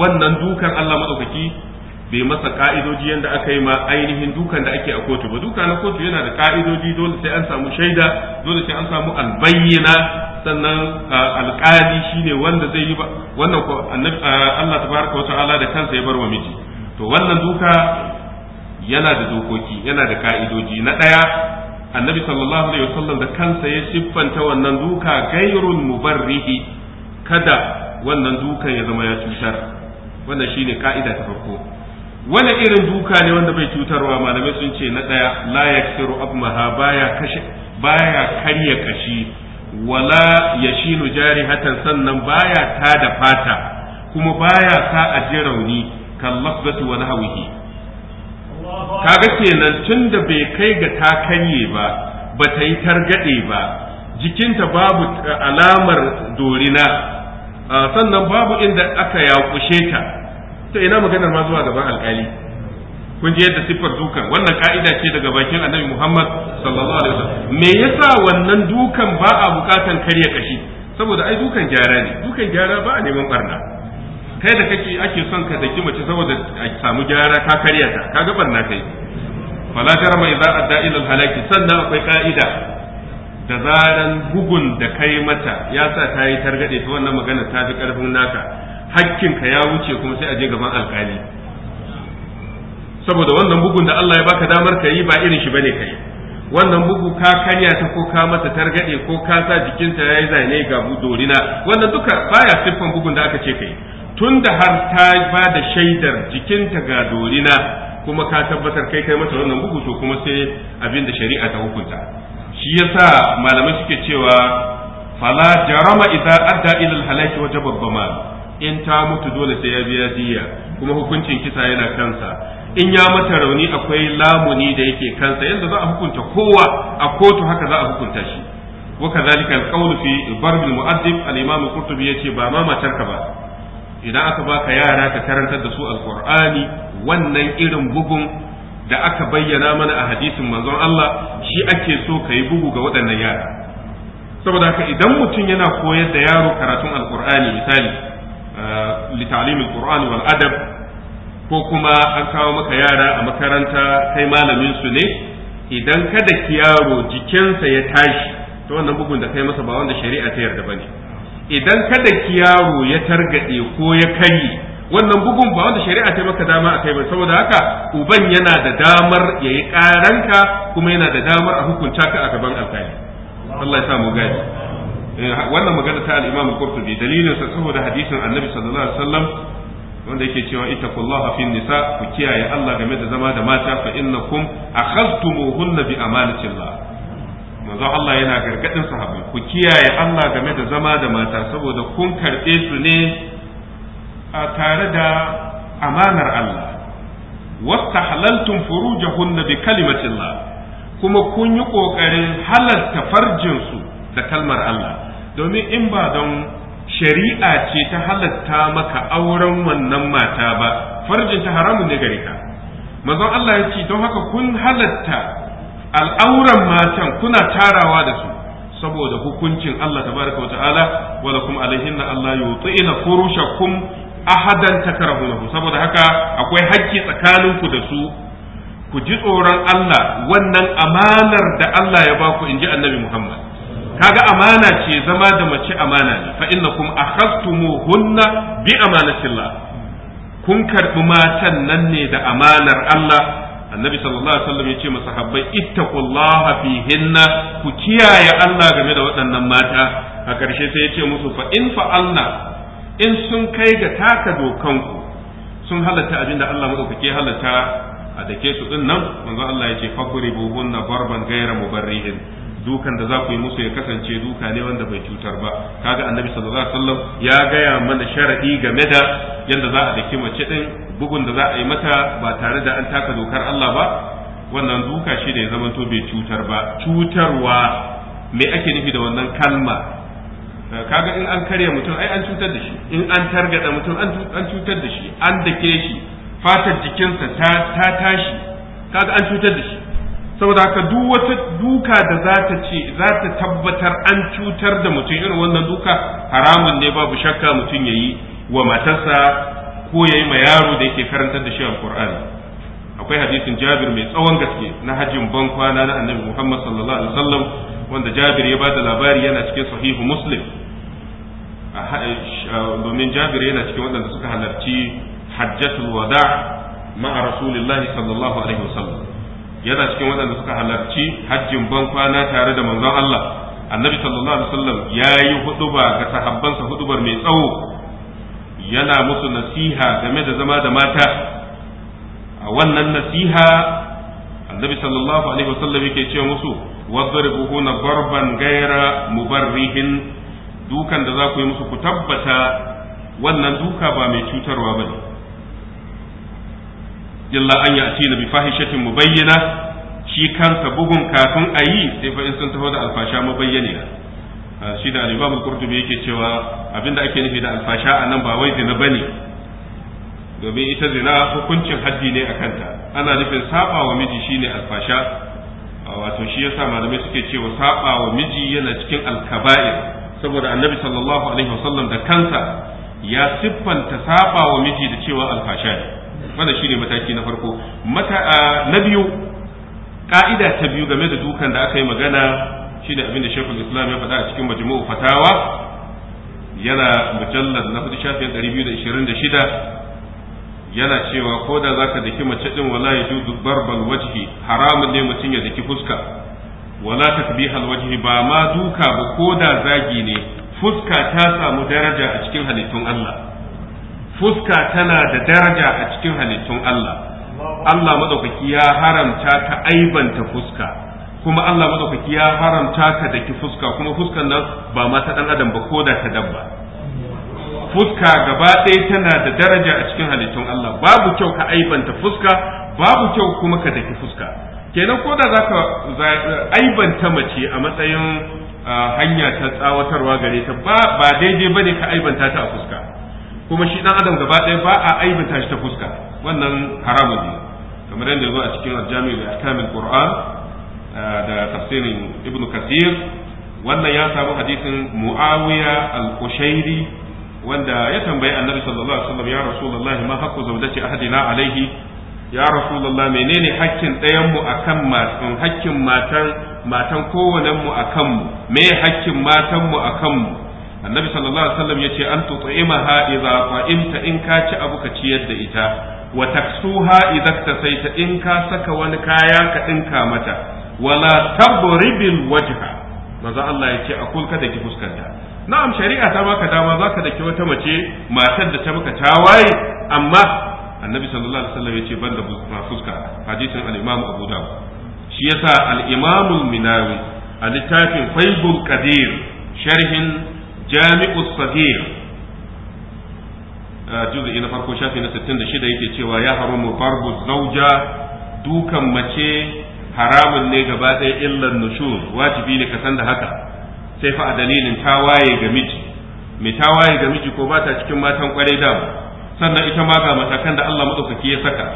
wannan dukan Allah madaukaki bai masa ka'idoji yadda aka yi ma ainihin dukan da ake a kotu ba duka na kotu yana da ka'idoji dole sai an samu shaida dole sai an samu albayyana sannan alƙali shine wanda zai yi wannan ko Allah tabaraka wa ta'ala da kansa ya bar wa miji to wannan duka yana da dokoki yana da ka'idoji na ɗaya annabi sallallahu alaihi wasallam da kansa ya siffanta wannan duka gairun mubarrihi kada wannan dukan ya zama ya cutar wannan shine ka'ida ta farko wani irin duka ne wanda bai cutarwa malamai sun ce na daya la yaksiru abmaha baya baya karya kashi wala yashinu hatan sannan baya ta da fata kuma baya sa a ji rauni kan lafzatu wa nahwihi kaga kenan tunda bai kai ga ta kanye ba ba ta yi targade ba jikinta babu eh, alamar dorina ah, sannan babu inda aka yakushe ta to ina maganar ma zuwa gaban alƙali? kun ji yadda siffar dukan wannan ka'ida ce daga bakin annabi Muhammad sallallahu alaihi wasallam me yasa wannan dukan ba a bukatan karya kashi saboda ai dukan gyara ne dukan gyara ba a neman barna kai da kake ake son ka daki mace saboda a samu gyara ka karya ta ga barna kai fala jarma idza adda ila halaki sannan akwai ka'ida da zaran bugun da kai mata ya sa ta yi targade ta wannan magana ta fi karfin naka ka ya wuce kuma sai a je gaban alkali saboda wannan bugun da Allah ya baka damar ka yi ba irin shi bane kai wannan bugu ka karya ta ko ka mata targade ko ka sa jikinta yayi zane ga budorina wannan duka baya siffan bugun da aka ce kai tun da har ta ba da shaidar jikinta ga dorina kuma ka tabbatar kai kai mata wannan bugu to kuma sai abin da shari'a ta hukunta shi yasa malamai suke cewa fala jarama idza adda ila al-halaki wajaba bama in ta mutu dole sai ya biya diya kuma hukuncin kisa yana kansa in ya mata rauni akwai lamuni da yake kansa yanda za a hukunta kowa a kotu haka za a hukunta shi wa kadhalika al-qawlu fi barb al-mu'addib al-imam qurtubi ba ma matarka ba idan aka baka yara ka karantar da su alqur'ani wannan irin bugun da aka bayyana mana a hadisin manzon Allah shi ake so ka yi bugu ga waɗannan yara saboda haka idan mutum yana koyar da yaro karatun alqur'ani misali eh, ta'lim alqur'ani wal adab ko kuma an kawo maka yara a makaranta kai malamin su ne idan kada ki yaro jikinsa ya tashi to wannan bugun da kai masa ba wanda shari'a ta yarda bane idan kada yaro ya targade ko ya kai, wannan bugun ba wanda shari'a ta maka dama a kai ba saboda haka uban yana da damar ya yi karanka kuma yana da damar a hukunta ka a gaban alkali Allah ya sa mu gani eh, wannan magana ta al-Imam Qurtubi dalilin sa saboda hadisin Annabi sallallahu alaihi wasallam wanda yake cewa ittaqullaha fi nisa ku kiyaye Allah game da zama da mata fa innakum akhadtumuhunna bi amanatillah manzo Allah yana gargadin sahabbai ku kiyaye Allah game da zama da mata saboda kun karɓe su ne a tare da amanar Allah wastahlaltum furujahunna bi Allah, kuma kun yi kokarin halarta farjin su da kalmar Allah domin in ba don shari'a ce ta halatta maka auren wannan mata ba farjinta ta haramun ne gare ka manzo Allah ya ce don haka kun halatta al'auran matan kuna tarawa da su saboda hukuncin Allah tabaraka wa ta'ala wala kuma alaihin na Allah yuti'ina furushakum ahadan takrahunahu saboda haka akwai hakki ku da su ku ji tsoron Allah wannan amanar da Allah ya baku inji Annabi Muhammad kaga amana ce zama da mace amana ne fa innakum hunna bi amanatillah kun karbi matan nan ne da amanar Allah annabi sallallahu alaihi wasallam yace masahabbai ittaqullaha fihinna ku kiyaye Allah game da waɗannan mata a ƙarshe sai yace musu fa in Allah in sun kai ga taka dokanku sun halatta abin da Allah madaukake halatta a dake su din nan manzo Allah yace bubunna barban ghayra mubarrihin dukan da za ku yi musu ya kasance duka ne wanda bai cutar ba kaga annabi sallallahu alaihi wasallam ya gaya mana sharadi game da yadda za a daki mace din bugun da za a yi mata ba tare da an taka dokar Allah ba wannan duka shi ne ya to bai cutar ba cutarwa me ake nufi da wannan kalma kaga in an karya mutum ai an cutar da shi in an targada mutum an cutar da shi an dake shi fatar jikinsa ta tashi kaga an cutar da shi saboda haka duk wata duka da za ta ce za ta tabbatar an cutar da mutum irin wannan duka haramun ne babu shakka mutum ya yi wa matarsa ko ya yi ma yaro da yake karantar da shi alkur'ani akwai hadisin jabir mai tsawon gaske na hajjin ban kwana na annabi muhammad sallallahu alaihi wasallam wanda jabir ya bada labari yana cikin sahihu muslim domin jabir yana cikin wanda suka halarci hajjatul wada ma'a rasulullahi sallallahu alaihi wasallam yana cikin waɗanda suka halarci hajjin ban kwana tare da manzon Allah annabi sallallahu alaihi wasallam yayi huduba ga sahabbansa hudubar mai tsawo yana musu nasiha game da zama da mata a wannan nasiha annabi sallallahu alaihi wasallam yake ce musu wadribuhuna barban gaira mubarrihin dukan da za ku yi musu ku tabbata wannan duka ba mai cutarwa bane illa an ya'ti bi fahishatin mubayyana shi kansa bugun kafin a yi sai fa in sun taho da alfasha mubayyana ah, shi da al-Imam al-Qurtubi yake cewa abinda ake nufi da alfasha a nan ba wai zina bane domin ita zina hukuncin haddi ne a kanta ana nufin saba wa miji shine alfasha ah, wato shi yasa malamai suke cewa saba wa miji yana cikin alkaba'ir saboda annabi sallallahu alaihi wasallam da kansa ya siffanta saba wa miji da cewa alfasha ne wannan shine mataki na farko na biyu ka'ida ta biyu game da dukan da aka yi magana shine abin da shekul islam ya faɗa a cikin majmu'u fatawa yana mujallar na hudu da shida. yana cewa ko da zaka daki mace din wala ya yajuzu bal wajhi haramun ne mutum ya daki fuska wala tasbihal wajhi ba ma duka ba ko da zagi ne fuska ta samu daraja a cikin halittun Allah fuska tana da daraja a cikin halittun Allah Allah madaukaki ya haramta ka aibanta fuska kuma Allah madaukaki ya haramta ka daki fuska kuma fuskan nan ba ma ta dan adam ba ko da ta dabba fuska gaba ɗaya tana da daraja a cikin halittun Allah babu kyau ka aibanta fuska babu kyau kuma ka daki fuska kenan ko da zaka aibanta mace a matsayin ah, hanya ta tsawatarwa gare ta ba daidai bane ka aibanta ta a fuska kuma shi dan adam gaba ɗaya ba a aibata shi ta fuska wannan haramun ne kamar yadda zo a cikin al a da aljamil qur'an ah, da tafsirin ibnu kasir wannan ya samu hadisin muawiya al-qushairi wanda ya tambayi annabi sallallahu alaihi wasallam ya rasulullahi ma haqqu zawjati ahadina alaihi ya rasulullah menene hakkin ɗayan mu akan matan hakkin matan matan kowannen mu akan mu me hakkin matan mu akan mu annabi sallallahu alaihi wasallam yace an tut'imaha idza fa'imta in ka ci abu ka ciyar da ita wa taksuha idza tasaita in ka saka wani kaya ka dinka mata wala tabribil wajha manzo Allah yace akul kada ki fuskanta na'am shari'a ta baka dama zaka daki wata mace matar da ta maka tawaye amma annabi sallallahu alaihi wasallam yace banda fuska hadisin al-imam Abu Dawud shi yasa al-imam al-Minawi a littafin Faibul Qadir sharhin jami'u sahih ah, juz'i na farko shafi na 66 yake cewa ya haramu barbu zauja dukan mace haramun ne gaba ɗaya illan nushur wajibi ne ka san da haka sai fa a dalilin tawaye ga miji mai tawaye ga miji ko ba ta cikin matan kwarai da sannan ita ma ga matakan da Allah madaukaki ya saka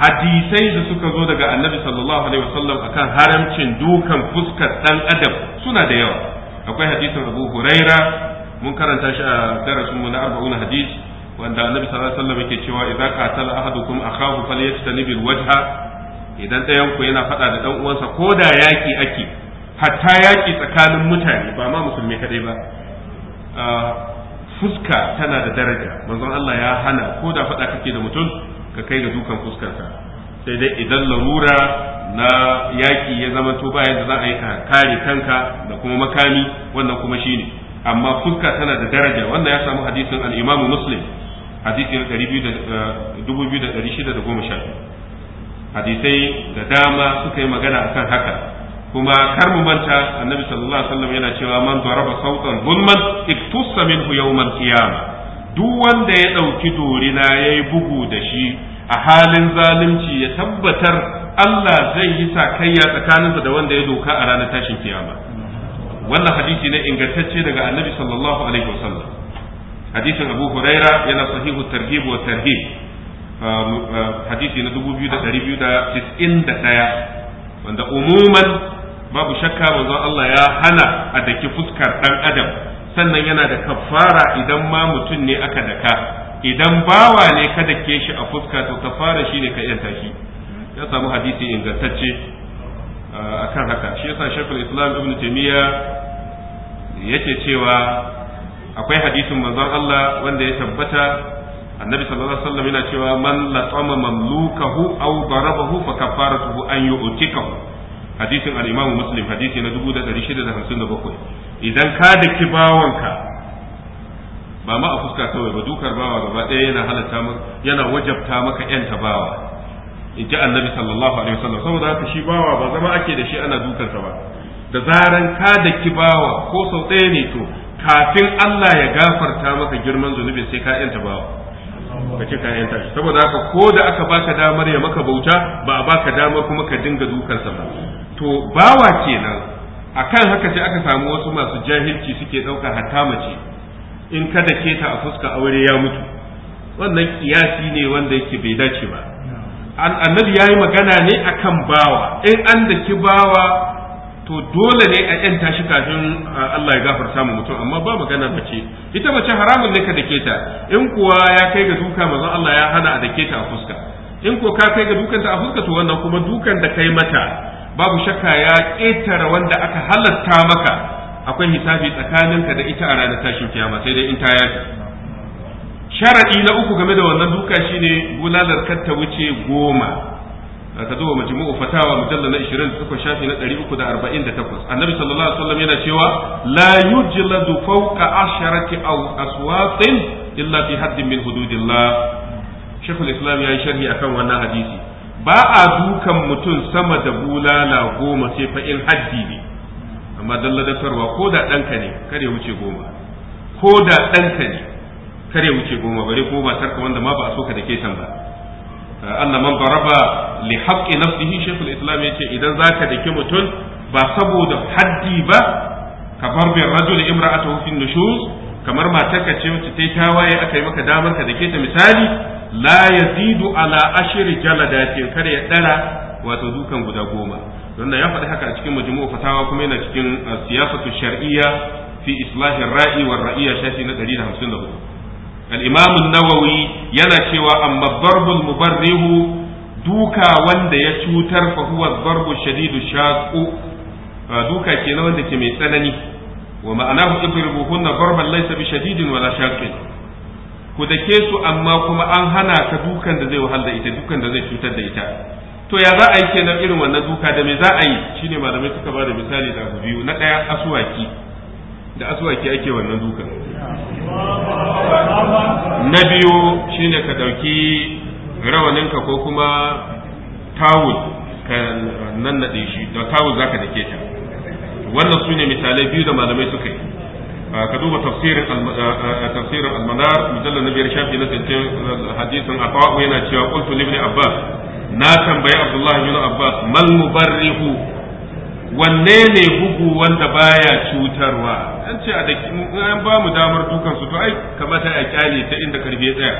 hadisai da suka zo daga annabi sallallahu alaihi wasallam akan haramcin dukan fuskar dan adam suna da yawa akwai hadisin abu huraira mun karanta shi a darasin mu na arba'un hadis wanda annabi sallallahu alaihi wasallam yake cewa idza qatala ahadukum akhahu falyajtanib alwajha idan ɗayan ku yana faɗa da ɗan uwansa ko da yaki ake hatta yaki tsakanin mutane ba ma musulmi kadai ba fuska tana da daraja manzon Allah ya hana ko da faɗa kake da mutum ka kai ga dukan fuskarsa sai dai idan larura na yaki ya zama to bayan da za a yi ka kare kanka da kuma makami wannan kuma shine amma fuska tana da daraja wannan ya samu hadisin al-Imam Muslim na 2610 eh, hadisai da dama suka yi magana akan haka kuma kar mu manta annabi sallallahu alaihi wasallam yana cewa man daraba sautan zulman iktusa minhu yawmal qiyamah duk wanda ya dauki dorina yayi bugu da shi a halin zalunci ya tabbatar Allah zai yi sakayya tsakaninsa da wanda ya doka a ranar tashin kiyama wannan hadisi ne ingantacce daga annabi sallallahu alaihi wasallam hadisin abu huraira yana sahihu tarhib wa tarhib um, uh, hadisi na dubu biyu biyu da da ɗaya. wanda umuman babu shakka manzon Allah ya hana a daki fuskar ɗan adam sannan yana da kafara idan ma mutum ne aka daka idan bawa ne kada ke shi a fuska to ka fara shi ne ka yanta shi ya samu hadisi ingantacce kan haka shi yasa shaykhul islam ibn Ya yake cewa akwai hadisin manzon Allah wanda ya tabbata annabi sallallahu alaihi wasallam yana cewa man latama mamlukahu aw darabahu fa kafaratuhu an yu'tikahu hadisin al-imam muslim hadisi na 1657 idan ka daki bawanka ba ma a fuska kawai ba dukar bawa gaba ɗaya yana halatta maka yana wajabta maka yanta bawa in ji annabi sallallahu alaihi wasallam saboda haka shi bawa ba zama ake da shi ana dukarsa ba da zaran ka da ki bawa ko sau ɗaya ne to kafin Allah ya gafarta maka girman zunubi sai ka yanta bawa ka ce ka yanta shi saboda haka ko da aka baka damar ya maka bauta ba a baka damar kuma ka dinga sa ba to bawa kenan akan haka sai aka samu wasu masu jahilci suke ɗauka hatta mace in ka da ta a fuska aure ya mutu wannan kiyasi ne wanda yake bai dace ba annabi yayi magana ne akan bawa in an daki bawa to dole ne a yanta shi kafin Allah ya gafarta mu mutum amma ba magana mace ita mace haramun ne ka dake ta in kuwa ya kai ga duka manzon Allah ya hana a dake ta a fuska in ko ka kai ga dukanta a fuska to wannan kuma dukan da kai mata babu shakka ya ƙetare wanda aka halatta maka akwai hisabi tsakaninka da ita a ranar tashin kiyama sai dai in ta yafi sharadi na uku game da wannan duka shine bulalar kar ta wuce goma ka zuwa majmu'u fatawa mujallal na 28 shafi na 348 annabi sallallahu alaihi wasallam yana cewa la yujladu fawqa asharati aw aswatin illa fi haddin min hududillah shaykhul islam ya yi sharhi akan wannan hadisi ba a dukan mutum sama da bulala goma sai fa in haddi ne amma don ladatarwa ko da ɗanka ne kar ya wuce goma ko da ɗanka ne kar ya wuce goma bare ko matarka wanda ma ba a so ka da ke can ba anna ah, man baraba li haqqi nafsihi shaykhul islam yace idan zaka dake mutum ba saboda haddi ba ka bar bin rajul imra'atuhu fi nushuz kamar matarka ce wacce tayi tawaye aka yi maka damar ka dake ta misali la yazidu ala ashri jaladatin kar ya dara wato dukan guda goma don ya faɗi haka a cikin majmu'u fatawa kuma yana cikin uh, siyasatu shar'iyya fi islahi ra'i wa ra'iyya shafi na 154 al-imam an-nawawi yana cewa amma darbul mubarrihu duka wanda ya cutar fa huwa darbu shadidu shaqu uh, duka kenan wanda ke mai tsanani wa ma'anahu ibribu hunna darban laysa bi shadidin wala shaqin ku dake su amma kuma an hana ka dukan da zai wahal da ita dukan da zai cutar da ita to ya za a yi kenan irin wannan duka da me za a yi shine malamai suka ba da misali da abu biyu na ɗaya asuwaki da asuwaki ake wannan duka na biyu shine ka ɗauki rawaninka ko kuma tawul ka nannaɗe shi da tawul zaka dake ta wannan su ne misalai biyu da malamai suka yi ah, ka duba tafsirin ah, ah, tafsirin almanar mujallal na biyar shafi na tantin hadisin atawa yana cewa qultu ibn abbas na tambayi abdullahi bin abbas mal mubarrihu wanne ne bugu wanda baya cutarwa an ce a daki an ba mu damar dukan su to ai kamata a kyale ta inda karfe tsaya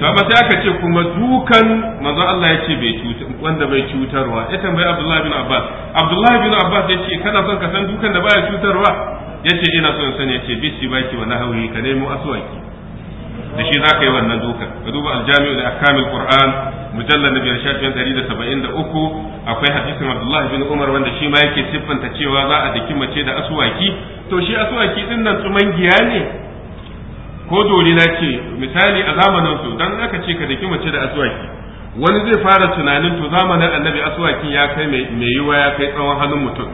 to amma sai aka ce kuma dukan manzo Allah ya ce bai cuta wanda bai cutarwa ya tambayi Abdullahi bin Abbas Abdullahi bin Abbas ya ce kana son ka san dukan da baya cutarwa ya ce ina son sani ya ce bisi baki wa nahawi ka nemo aswaki da shi zaka yi wannan duka ka duba aljami'u da akamil qur'an mujallal biyar shafin ɗari da saba'in da uku akwai hadisin abdullahi bin umar wanda shi ma yake siffanta cewa za a daki mace da asuwaki to shi asuwaki din nan giya ne ko na ce misali a zamanin su dan aka ce ka daki mace da asuwaki wani zai fara tunanin to zamanin annabi asuwakin ya kai mai yiwa ya kai tsawon hannun mutum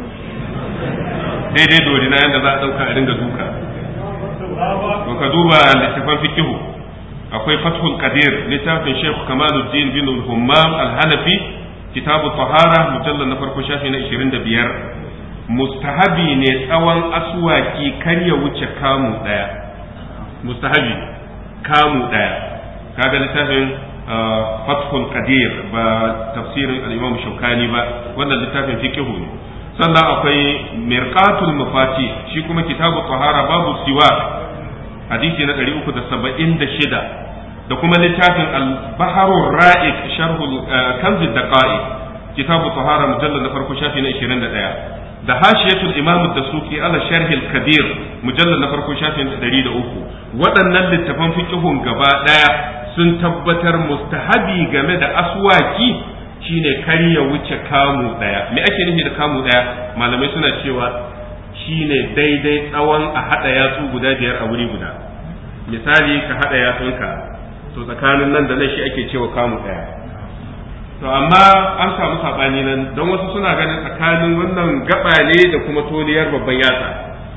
daidai na yadda za a ɗauka a ringa duka to ka duba littafin fikihu akwai fathul qadir littafin shaykh kamaluddin bin al-hammam al-hanafi kitabu tahara mujallar na farko shafi na 25 mustahabi ne tsawon aswaki kar ya wuce kamu daya mustahabi kamu daya kaga littafin uh, fathul qadir ba tafsirin al-imam shaukani ba wannan littafin fikihu ne sannan akwai mirqatul mafati shi kuma kitabu tahara babu siwa hadisi na 376 da kuma littafin al-baharur ra'iq sharhul eh, kanz daqa'iq kitabu tahara mujallal na farko shafi na 21 da hashiyatul imam ad-dasuki ala sharh al-kabir mujallal na farko shafi na 103 waɗannan littafan fiqhun gaba daya sun tabbatar mustahabi game da aswaki shine kar ya wuce kamu daya me ake nufi da kamu daya malamai suna cewa shine daidai tsawon a hada yatsu guda biyar a wuri guda misali ka hada yatsunka to tsakanin nan da nan shi ake cewa kamu daya to amma an samu sabani nan don wasu suna ganin tsakanin wannan gaba ne da kuma toliyar babban yatsa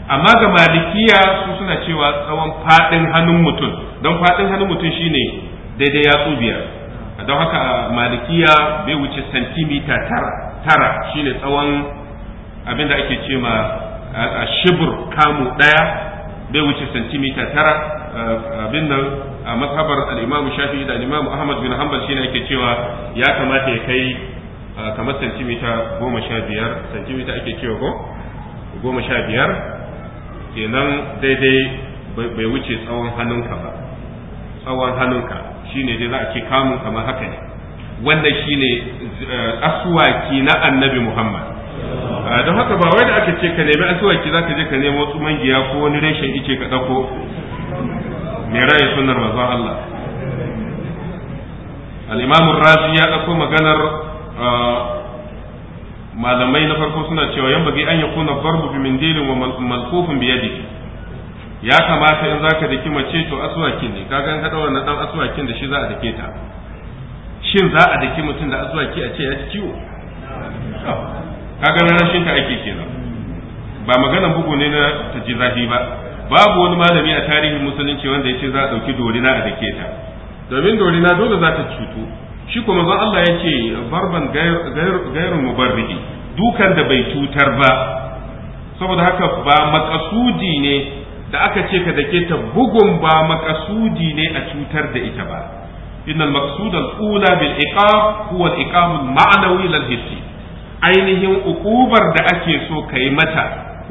amma ga malikiya su suna cewa tsawon fadin hannun mutum don fadin hannun mutum shine daidai yatsu biyar don haka malikiya bai wuce santimita tara shine tsawon abinda ake ce ma a shibur kamu daya bai wuce santimita tara abin nan a mazhabar al'imamu shafi da al'imamu ahmad bin hanbal shine ake cewa ya kamata ya kai kamar santimita goma sha biyar santimita ake cewa ko goma sha biyar kenan daidai bai wuce tsawon hannunka ba tsawon hannunka shine dai za a ce kamun kamar haka ne wannan shine eh, aswaki na annabi muhammad eh, don haka ba wai da aka ce ka nemi aswaki za ka je ka nemo wasu mangiya ko wani reshen ice ka ɗauko mai rayu sunar manzon Allah al'imamun razi ya ɗauko maganar eh, malamai na farko suna cewa yan bagi an kuna darbu bi mindilin wa malkofin bi ya kamata in zaka daki mace to aswakin ne ka ga kada wannan dan aswakin da shi za a dake ta shin za a daki mutum da aswaki a ce ya ci ciwo kaga rashin ka ake kenan ba magana bugu ne na taji ji zafi ba babu wani malami a tarihin musulunci wanda ya ce za a ɗauki dorina a dake ta domin dorina dole za ta cutu shi kuma za Allah ya ce barban gairun mubarrihi dukan da bai cutar ba saboda haka ba makasudi ne da aka ce ka dake ta bugun ba makasudi ne a cutar da ita ba innal maqsud al-ula bil iqab huwa al iqab al-ma'nawi lil hissi ainihin uqubar da ake so kai mata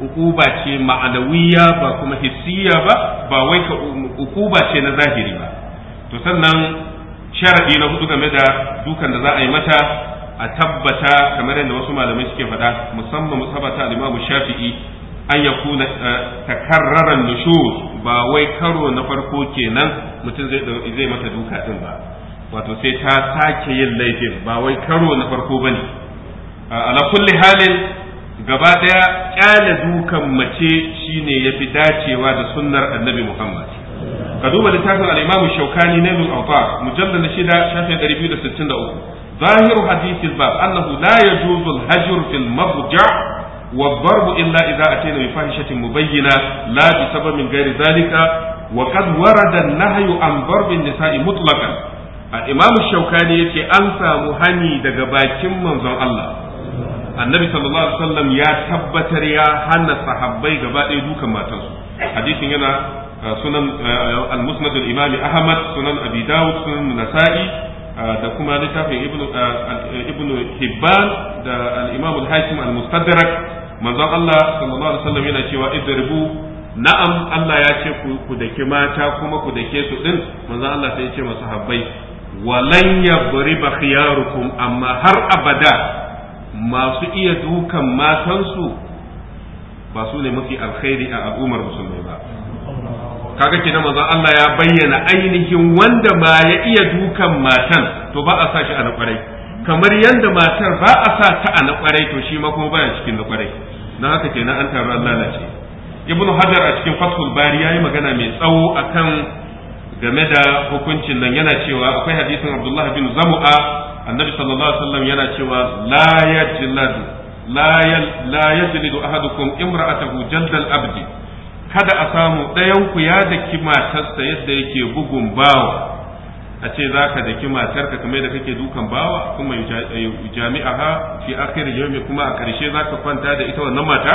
uquba ce ma'anawiya ba kuma hissiya ba ba wai ka uquba ce na zahiri ba to sannan sharadi na hudu game da dukan da za a yi mata a tabbata kamar yadda wasu malamai suke faɗa musamman musabata al-Imam Shafi'i an ya kuna eh, takarraran nushuz ba wai karo na farko kenan mutum zai mata duka din ba wato sai ta sake yin laifin ba wai karo na farko ba ne ala kulli halin gaba daya kyale dukan mace shine yafi dacewa da sunnar annabi muhammad ka duba littafin al-imamu shaukani na min awtar mujallal na shida shafin 263 zahiru hadithil bab annahu la yajuzu al-hajr fil mabja' والضرب إلا إذا أتينا بفاحشة مبينة لا بسبب من غير ذلك وقد ورد النهي عن ضرب النساء مطلقا الإمام الشوكاني يتي أنسى مهني دقباكم من زن الله النبي صلى الله عليه وسلم يا تبتر يا هنا صحابي قبائي دوكا ما تنسوا حديث هنا سنن المسند الإمام أحمد سنن أبي داود سنن النسائي da kuma littafin ibnu hibban da al-imam al-hakim al-mustadrak manzon Allah sallallahu alaihi wasallam yana cewa idribu na'am Allah ya ce ku ku dake mata kuma ku dake su din manzon Allah sai ya ce masu habbai walan yabriba khiyarukum amma har abada masu iya dukan matansu ba su ne mafi alkhairi a al'ummar musulmai ba kaga kenan manzon Allah ya bayyana ainihin wanda ma ya iya dukan matan to ba a sa shi a na kwarai kamar yadda matar ba a sa ta a na kwarai to shi ma kuma baya cikin na kwarai Na haka na an taru an lalace ibn hajar a cikin fathul bari yayi magana mai tsawo akan game da hukuncin nan yana cewa akwai hadisin abdullah bin zamu'a annabi sallallahu alaihi wasallam yana cewa la yajlad la yajlidu ahadukum imra'atahu jaddal abdi kada a samu ɗayan ku ya daki matarsa yadda yake bugun bawa a ce za ka daki matarka kamar da kake dukan bawa kuma jami'aha fi akhir yawmi kuma a karshe za ka kwanta da ita wannan mata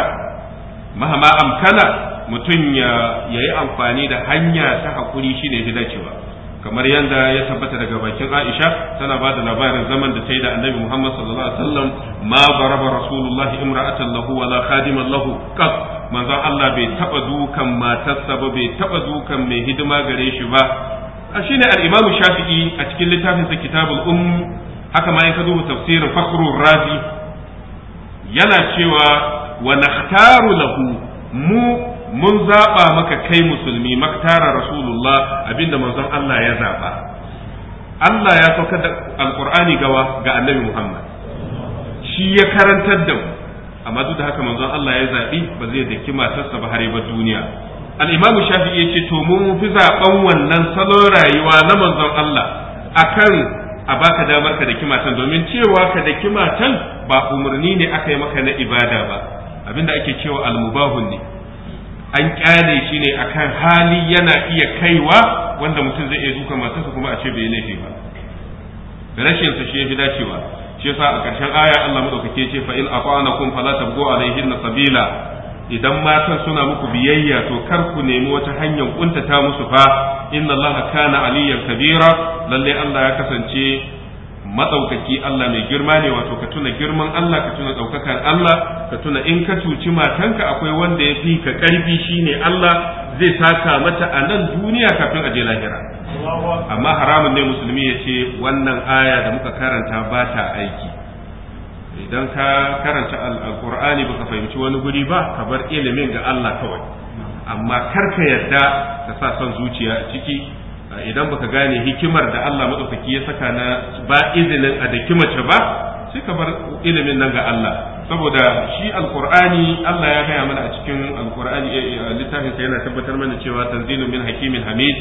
mahama amkana mutum ya yayi amfani da hanya ta hakuri shine ya dacewa kamar yadda ya tabbata daga bakin Aisha tana ba da labarin zaman da ta yi da Annabi Muhammad sallallahu alaihi wasallam ma baraba Rasulullah imra'atan lahu wala khadiman lahu qat manzon Allah bai taba dukan matarsa ba bai taba dukan mai hidima gare shi ba shine al-Imam Shafi'i a cikin littafin sa Kitabul Umm haka ma in ka tafsirin Fakhrur Razi yana cewa wa nakhtaru lahu mu mun zaba maka kai musulmi maktara Rasulullah abinda manzon Allah ya zaba Allah ya saukar da Alqur'ani gawa ga Annabi Muhammad shi ya karantar da mu amma duk da haka manzon Allah ya zabi ba zai daki matarsa ba har ba duniya al'imamu shafi'i ya ce to mu fi zaɓen wannan salon rayuwa na manzon Allah akan a baka damar ka da kimatan domin cewa ka da kimatan ba umarni ne aka yi maka na ibada ba abinda ake cewa almubahun ne an kyale shi ne akan hali yana iya kaiwa wanda mutum zai iya masu su kuma a ce bai laifi ba rashin sa shi fi dacewa shi yasa a ƙarshen aya Allah madaukake ce fa in afanakum fala tabgu alayhi sabila idan matan suna muku biyayya to kar ku nemi wata hanyar kuntata musu fa inna allaha kana aliyyan kabira lalle Allah ya kasance matsaukaki Allah mai girma ne wato ka tuna girman Allah ka tuna ɗaukakan Allah ka tuna in ka cuci matanka akwai wanda ya fi ka ƙarfi shine Allah zai saka mata a nan duniya kafin a je lahira amma haramun ne musulmi ya ce wannan aya da muka karanta ba ta aiki idan ka karanta alqur'ani baka fahimci wani guri ba ka bar ilimin ga Allah kawai amma kar ka yarda ka sa son zuciya a ciki idan baka gane hikimar da Allah madaukaki ya saka na ba izinin a da kimace ba sai ka bar ilimin nan ga Allah saboda shi alqur'ani Allah ya gaya mana a cikin alqur'ani eh, eh, littafin sa yana tabbatar mana cewa tanzilun min hakimin hamid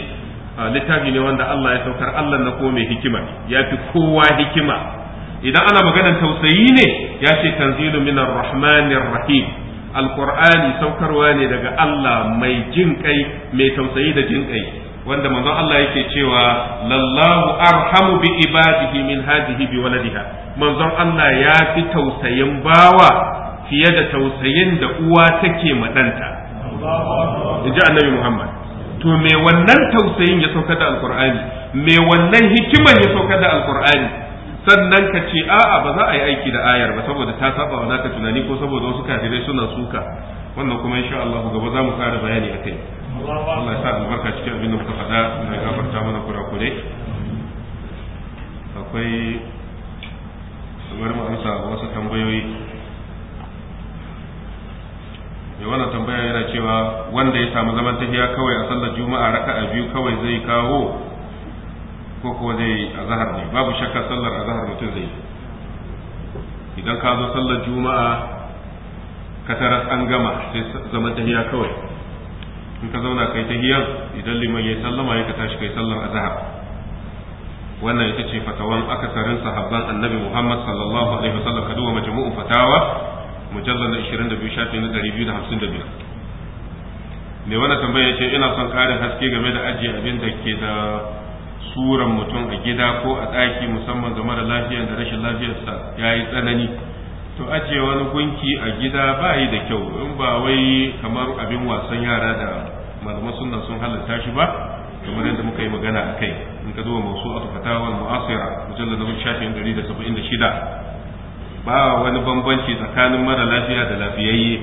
littafi ne wanda Allah ya saukar Allah na ko mai hikima ya fi kowa hikima idan ana maganar tausayi ne ya ce tanzilu minar rahmanir rahim alqur'ani saukarwa ne daga Allah mai jin kai mai tausayi da jin kai wanda manzon Allah yake cewa lallahu arhamu bi ibadihi min hadhihi bi waladiha manzon Allah ya fi tausayin bawa fiye da tausayin da uwa take madanta inji annabi Muhammad to me wannan tausayin ya sauka da alqur'ani me wannan hikiman ya sauka da alqur'ani sannan ka ce a'a ba za a yi aiki da ayar ba saboda ta saba wa naka tunani ko saboda wasu kafirai suna suka wannan kuma insha Allah gaba za mu fara bayani a kai Allah ya sa albarka cikin abin da muka faɗa mai gafarta mana kure-kure. akwai kamar mu amsa wasu tambayoyi mai wannan tambaya yana cewa wanda ya samu zaman tafiya kawai a sallar juma'a raka'a biyu kawai zai kawo ko kuwa zai azhar ne babu shakka sallar azhar mutum zai idan ka zo sallar juma'a ka taras an gama sai zama tahiya kawai in ka zauna kai tahiyan idan liman ya sallama ya ka tashi kai sallar azhar wannan ita ce fatawan akasarin sahabban annabi Muhammad sallallahu alaihi wasallam ka duba majmu'u fatawa mujallal 22 shafi na 255 me wannan tambaya ce ina son karin haske game da ajiye abin da ke da suran mutum a gida ko a ɗaki musamman ga mara lafiya da rashin lafiyarsa ya yi tsanani to ajiye wani gunki a gida ba yi da kyau in ba wai kamar abin wasan yara da malaman sunna sun halatta shi ba kamar yadda muka yi magana a kai in ka zuwa masu a fatawar mu'asira mujallar na shafin ɗari da saba'in da shida ba wani bambanci tsakanin mara lafiya da lafiyayye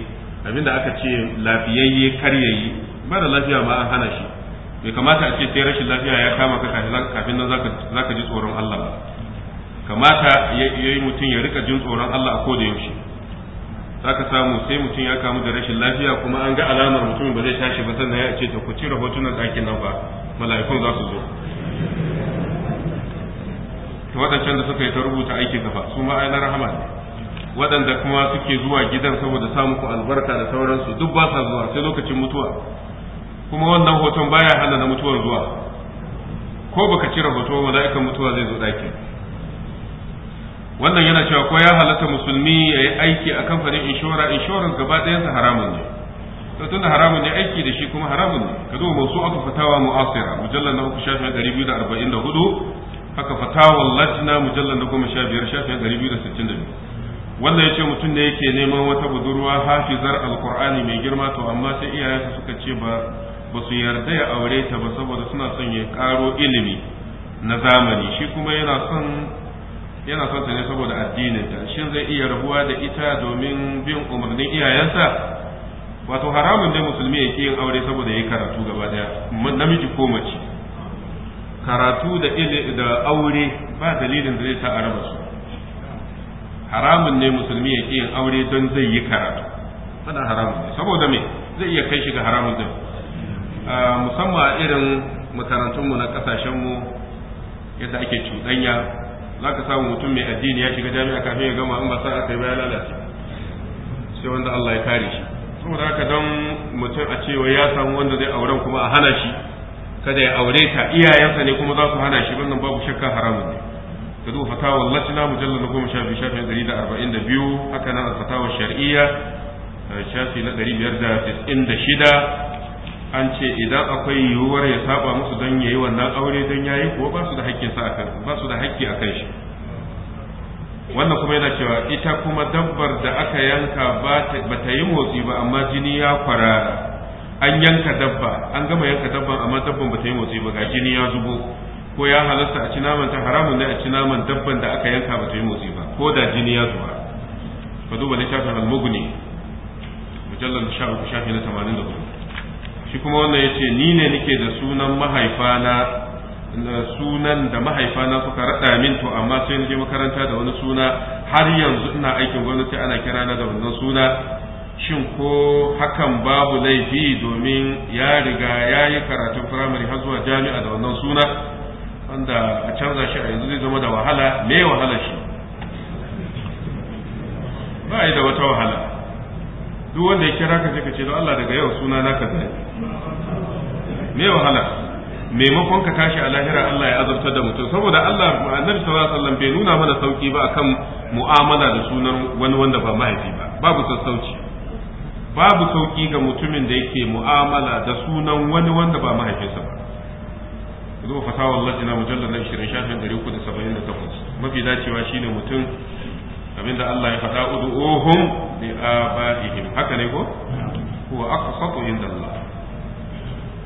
abinda aka ce lafiyayye karyayi mara lafiya ma an hana shi bai kamata a ce sai rashin lafiya ya kama ka kafin nan zaka ji tsoron Allah ba kamata yayi mutum ya rika jin tsoron Allah a da yaushe zaka samu sai mutum ya kamu da rashin lafiya kuma an ga alamar mutum ba zai tashi ba sannan ya ce ta ku ci rahotunan ɗakin nan ba mala'ikun za su zo ta waɗancan da suka yi ta rubuta aiki gaba su ma na rahama ne waɗanda kuma suke zuwa gidan saboda samu ku albarka da sauransu duk ba sa zuwa sai lokacin mutuwa kuma wannan hoton baya hana na mutuwar zuwa ko baka cire hoto mala'ikan mutuwa zai zo ɗakin wannan yana cewa ko ya halatta musulmi ya yi aiki a kamfanin inshora inshoran gaba ɗayansa haramun ne to tunda haramun ne aiki da shi kuma haramun ne ka zo masu aka fatawa mu'asira mujallal na uku shafin ɗari biyu da arba'in da hudu haka fatawa lajna mujallal na goma sha biyar shafin ɗari biyu da sittin da biyu Wannan ya ce mutum da yake neman wata budurwa hafizar alkur'ani mai girma to amma sai iyayensa suka ce ba ba su yarda ya aure ta ba saboda suna son ya karo ilimi na zamani shi kuma yana son yana son ta ne saboda addinin ta shin zai iya rabuwa da ita domin bin umarnin iyayensa wato haramun dai musulmi ya yin aure saboda ya karatu gaba daya namiji ko mace karatu da da aure ba dalilin da zai sa a raba su haramun ne musulmi ya yin aure don zai yi karatu wannan haramun ne saboda me zai iya kai shi ga haramun din musamman irin makarantunmu na kasashenmu yadda ake cuɗanya za ka samu mutum mai addini ya shiga jami'a kafin ya gama in ba sa aka yi ya lalace sai wanda Allah ya kare shi saboda haka don mutum a cewa ya samu wanda zai auren kuma a hana shi kada ya aure ta iyayensa ne kuma za su hana shi wannan babu shakka haramun ne ka duba fatawar lasina mujallar na goma sha biyu na ɗari da arba'in da biyu haka nan fatawar shar'iyya shafi na ɗari biyar da tis'in da shida an ce idan akwai yiwuwar ya saba musu don yayi wannan aure don yayi ko ba su da hakki sa akan ba su da hakki akan shi wannan kuma yana cewa ita kuma dabbar da aka yanka ba ta yi motsi ba amma jini ya kwarara an yanka dabba an gama yanka dabban amma dabban ba ta yi motsi ba ga jini ya zubo ko ya halasta a ci naman ta haramun ne a ci naman dabban da aka yanka ba ta yi motsi ba ko da jini ya zuba ka duba littafin al-mughni mujallal 13 shafi na 84 shi kuma wannan ya ce ni ne nike da sunan mahaifana sunan da mahaifana suka raɗa min to amma sai nake makaranta da wani suna har yanzu ina aikin gwamnati ana kira na da wannan suna shin ko hakan babu laifi domin ya riga ya yi karatun firamare har zuwa jami'a da wannan suna wanda a canza shi a yanzu zai zama da wahala me wahala shi ba yi da wata wahala duk wanda ya kira ka ce ka ce don Allah daga yau suna na kaza me wahala maimakon ka tashi a lahira Allah ya azabtar da mutum saboda Allah annabi sallallahu alaihi wasallam bai nuna mana sauki ba akan mu'amala da sunan wani wanda ba mahaifi ba babu sassauci babu sauki ga mutumin da yake mu'amala da sunan wani wanda ba mahaifinsa ba zuwa fasawa Allah ina mujallal na shirin shafin 378 mafi dacewa shine mutum abinda Allah ya faɗa udu'uhum li abaihim haka ne ko huwa aqsatu inda Allah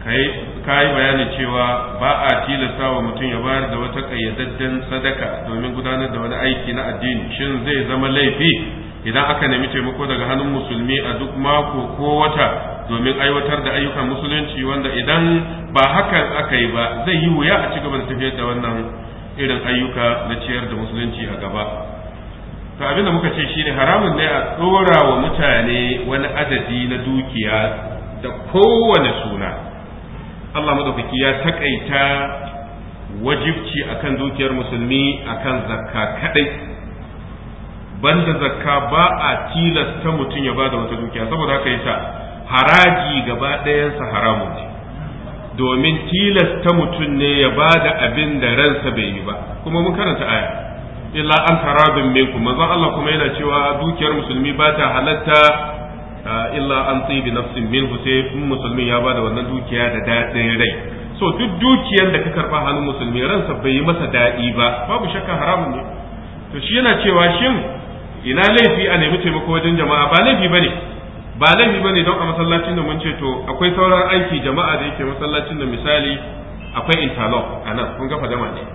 ka yi bayani cewa ba a tilasta wa mutum ya bayar da wata ƙayyadadden sadaka domin gudanar da wani aiki na addini shin zai zama laifi idan aka nemi taimako daga hannun musulmi a duk mako ko wata domin aiwatar da ayyukan musulunci wanda idan ba haka aka yi ba zai yi wuya a ci gaba da tafiyar da wannan irin ayyuka na ciyar da musulunci a gaba to abin muka ce shine haramun ne a tsora wa mutane wani adadi na dukiya da kowane suna Allah madaukaki ya takaita wajibci akan dukiyar musulmi akan zakka kadai banda zakka ba a tilasta mutum ya bada wata dukiya saboda haka yasa haraji gaba ɗayansa haramun ne domin tilasta mutum ne ya bada abin da ransa bai yi ba kuma mun karanta aya illa an tarabin minkum manzon Allah kuma yana cewa dukiyar musulmi ba ta halatta illa an tsibi nafsin hu sai in musulmin ya bada wannan dukiya da daɗin rai so duk dukiyar da ka karba hannun musulmi ransa bai yi masa daɗi ba babu shakka haramun ne to shi yana cewa shin ina laifi a nemi taimako wajen jama'a ba laifi bane ba laifi bane don a masallacin da mun ce to akwai sauran aiki jama'a da yake masallacin da misali akwai interlock a nan kun ga fadama ne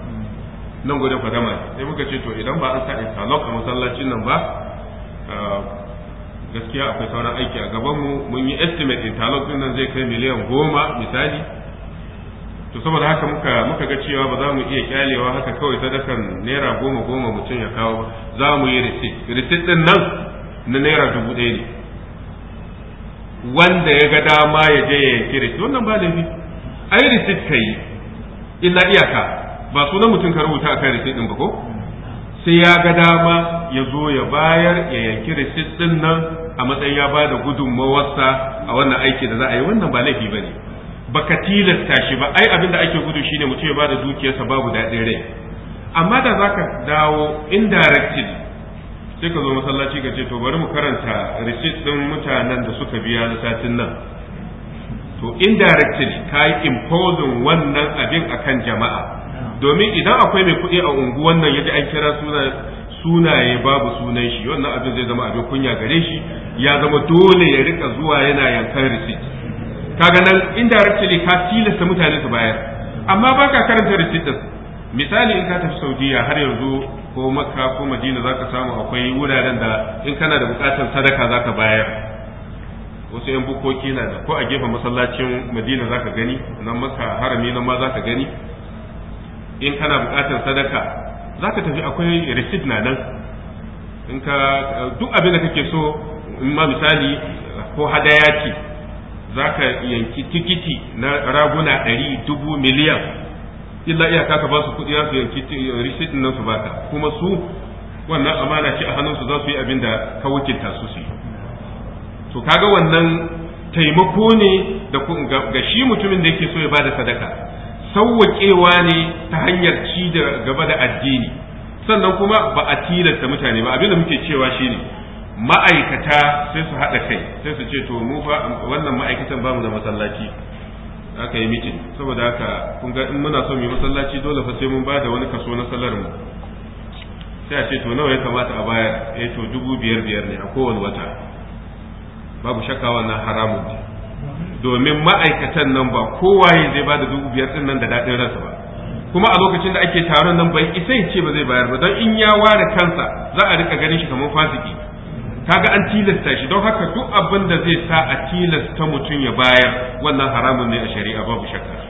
nan gudun fadama ne sai muka ce to idan ba an sa interlock a masallacin nan ba gaskiya akwai sauran aiki a gabanmu mun yi estimate talo din nan zai kai miliyan goma misali to saboda haka muka muka ga cewa ba za mu iya kyalewa haka kawai sadakan naira goma goma mutum ya kawo ba za mu yi receipt receipt din nan na naira dubu ɗaya ne wanda ya ga dama ya je ya kira receipt wannan ba laifi ai receipt kai illa iyaka ba sunan mutum ka rubuta akan receipt din ba ko sai ya ga dama ya zo ya bayar ya yanki risit din nan a matsayin ya bada gudunmawarsa a wannan aiki da za a yi wannan ba laifi ba ne ba ka tilasta shi ba ai abinda ake gudu shine mutum ya bada dukiyarsa babu daɗin rai amma da za ka dawo indirected sai ka zo masallaci ka ce to bari mu karanta risit din mutanen da suka biya na satin nan to indirected ka yi imposing wannan abin akan jama'a domin idan akwai mai kuɗi a unguwan nan yadda an kira suna sunaye babu sunan shi wannan abin zai zama abin kunya gare shi ya zama dole ya rika zuwa yana yankan receipt kaga nan indirectly ka tilasta mutane su bayar amma baka karanta receipt din misali in ka tafi Saudiya har yanzu ko Makka ko Madina zaka samu akwai wuraren da in kana da bukatar sadaka zaka bayar wasu yan bukoki na da ko a gefen masallacin Madina zaka gani nan Makka harami nan ma zaka gani in kana bukatar sadaka za ka tafi akwai receipt na nan in ka duk abin da kake so in ma misali ko hadaya ce za ka yanki tikiti na raguna ɗari dubu miliyan illa iyaka ka ba su kuɗi za su yanki receipt nan su baka kuma su wannan amana ce a hannunsu za su yi abin da ka wakilta su su yi to kaga wannan taimako ne da ga shi mutumin da yake so ya ba da sadaka sauwaƙewa ne ta hanyar ci da gaba da addini sannan kuma ba a tilasta mutane ba abinda muke cewa shine ma'aikata sai su haɗa kai sai su ce to mu fa wannan ma'aikatan ba mu da masallaci aka yi mitin saboda haka kun ga in muna son mu masallaci dole fa sai mun ba da wani kaso na sallar mu sai a ce to nawa ya kamata a bayar eh to dubu biyar biyar ne a kowane wata babu shakka wannan haramun ne domin ma'aikatan nan ba kowaye zai ba da dubu biyar din nan da daɗin ransa ba kuma a lokacin da ake taron nan bai isa ya ce ba zai bayar ba don in ya ware kansa za a rika ganin shi kamar fasiki ga an tilasta shi don haka duk abin da zai sa a tilasta mutum ya bayar wannan haramun ne a shari'a babu shakka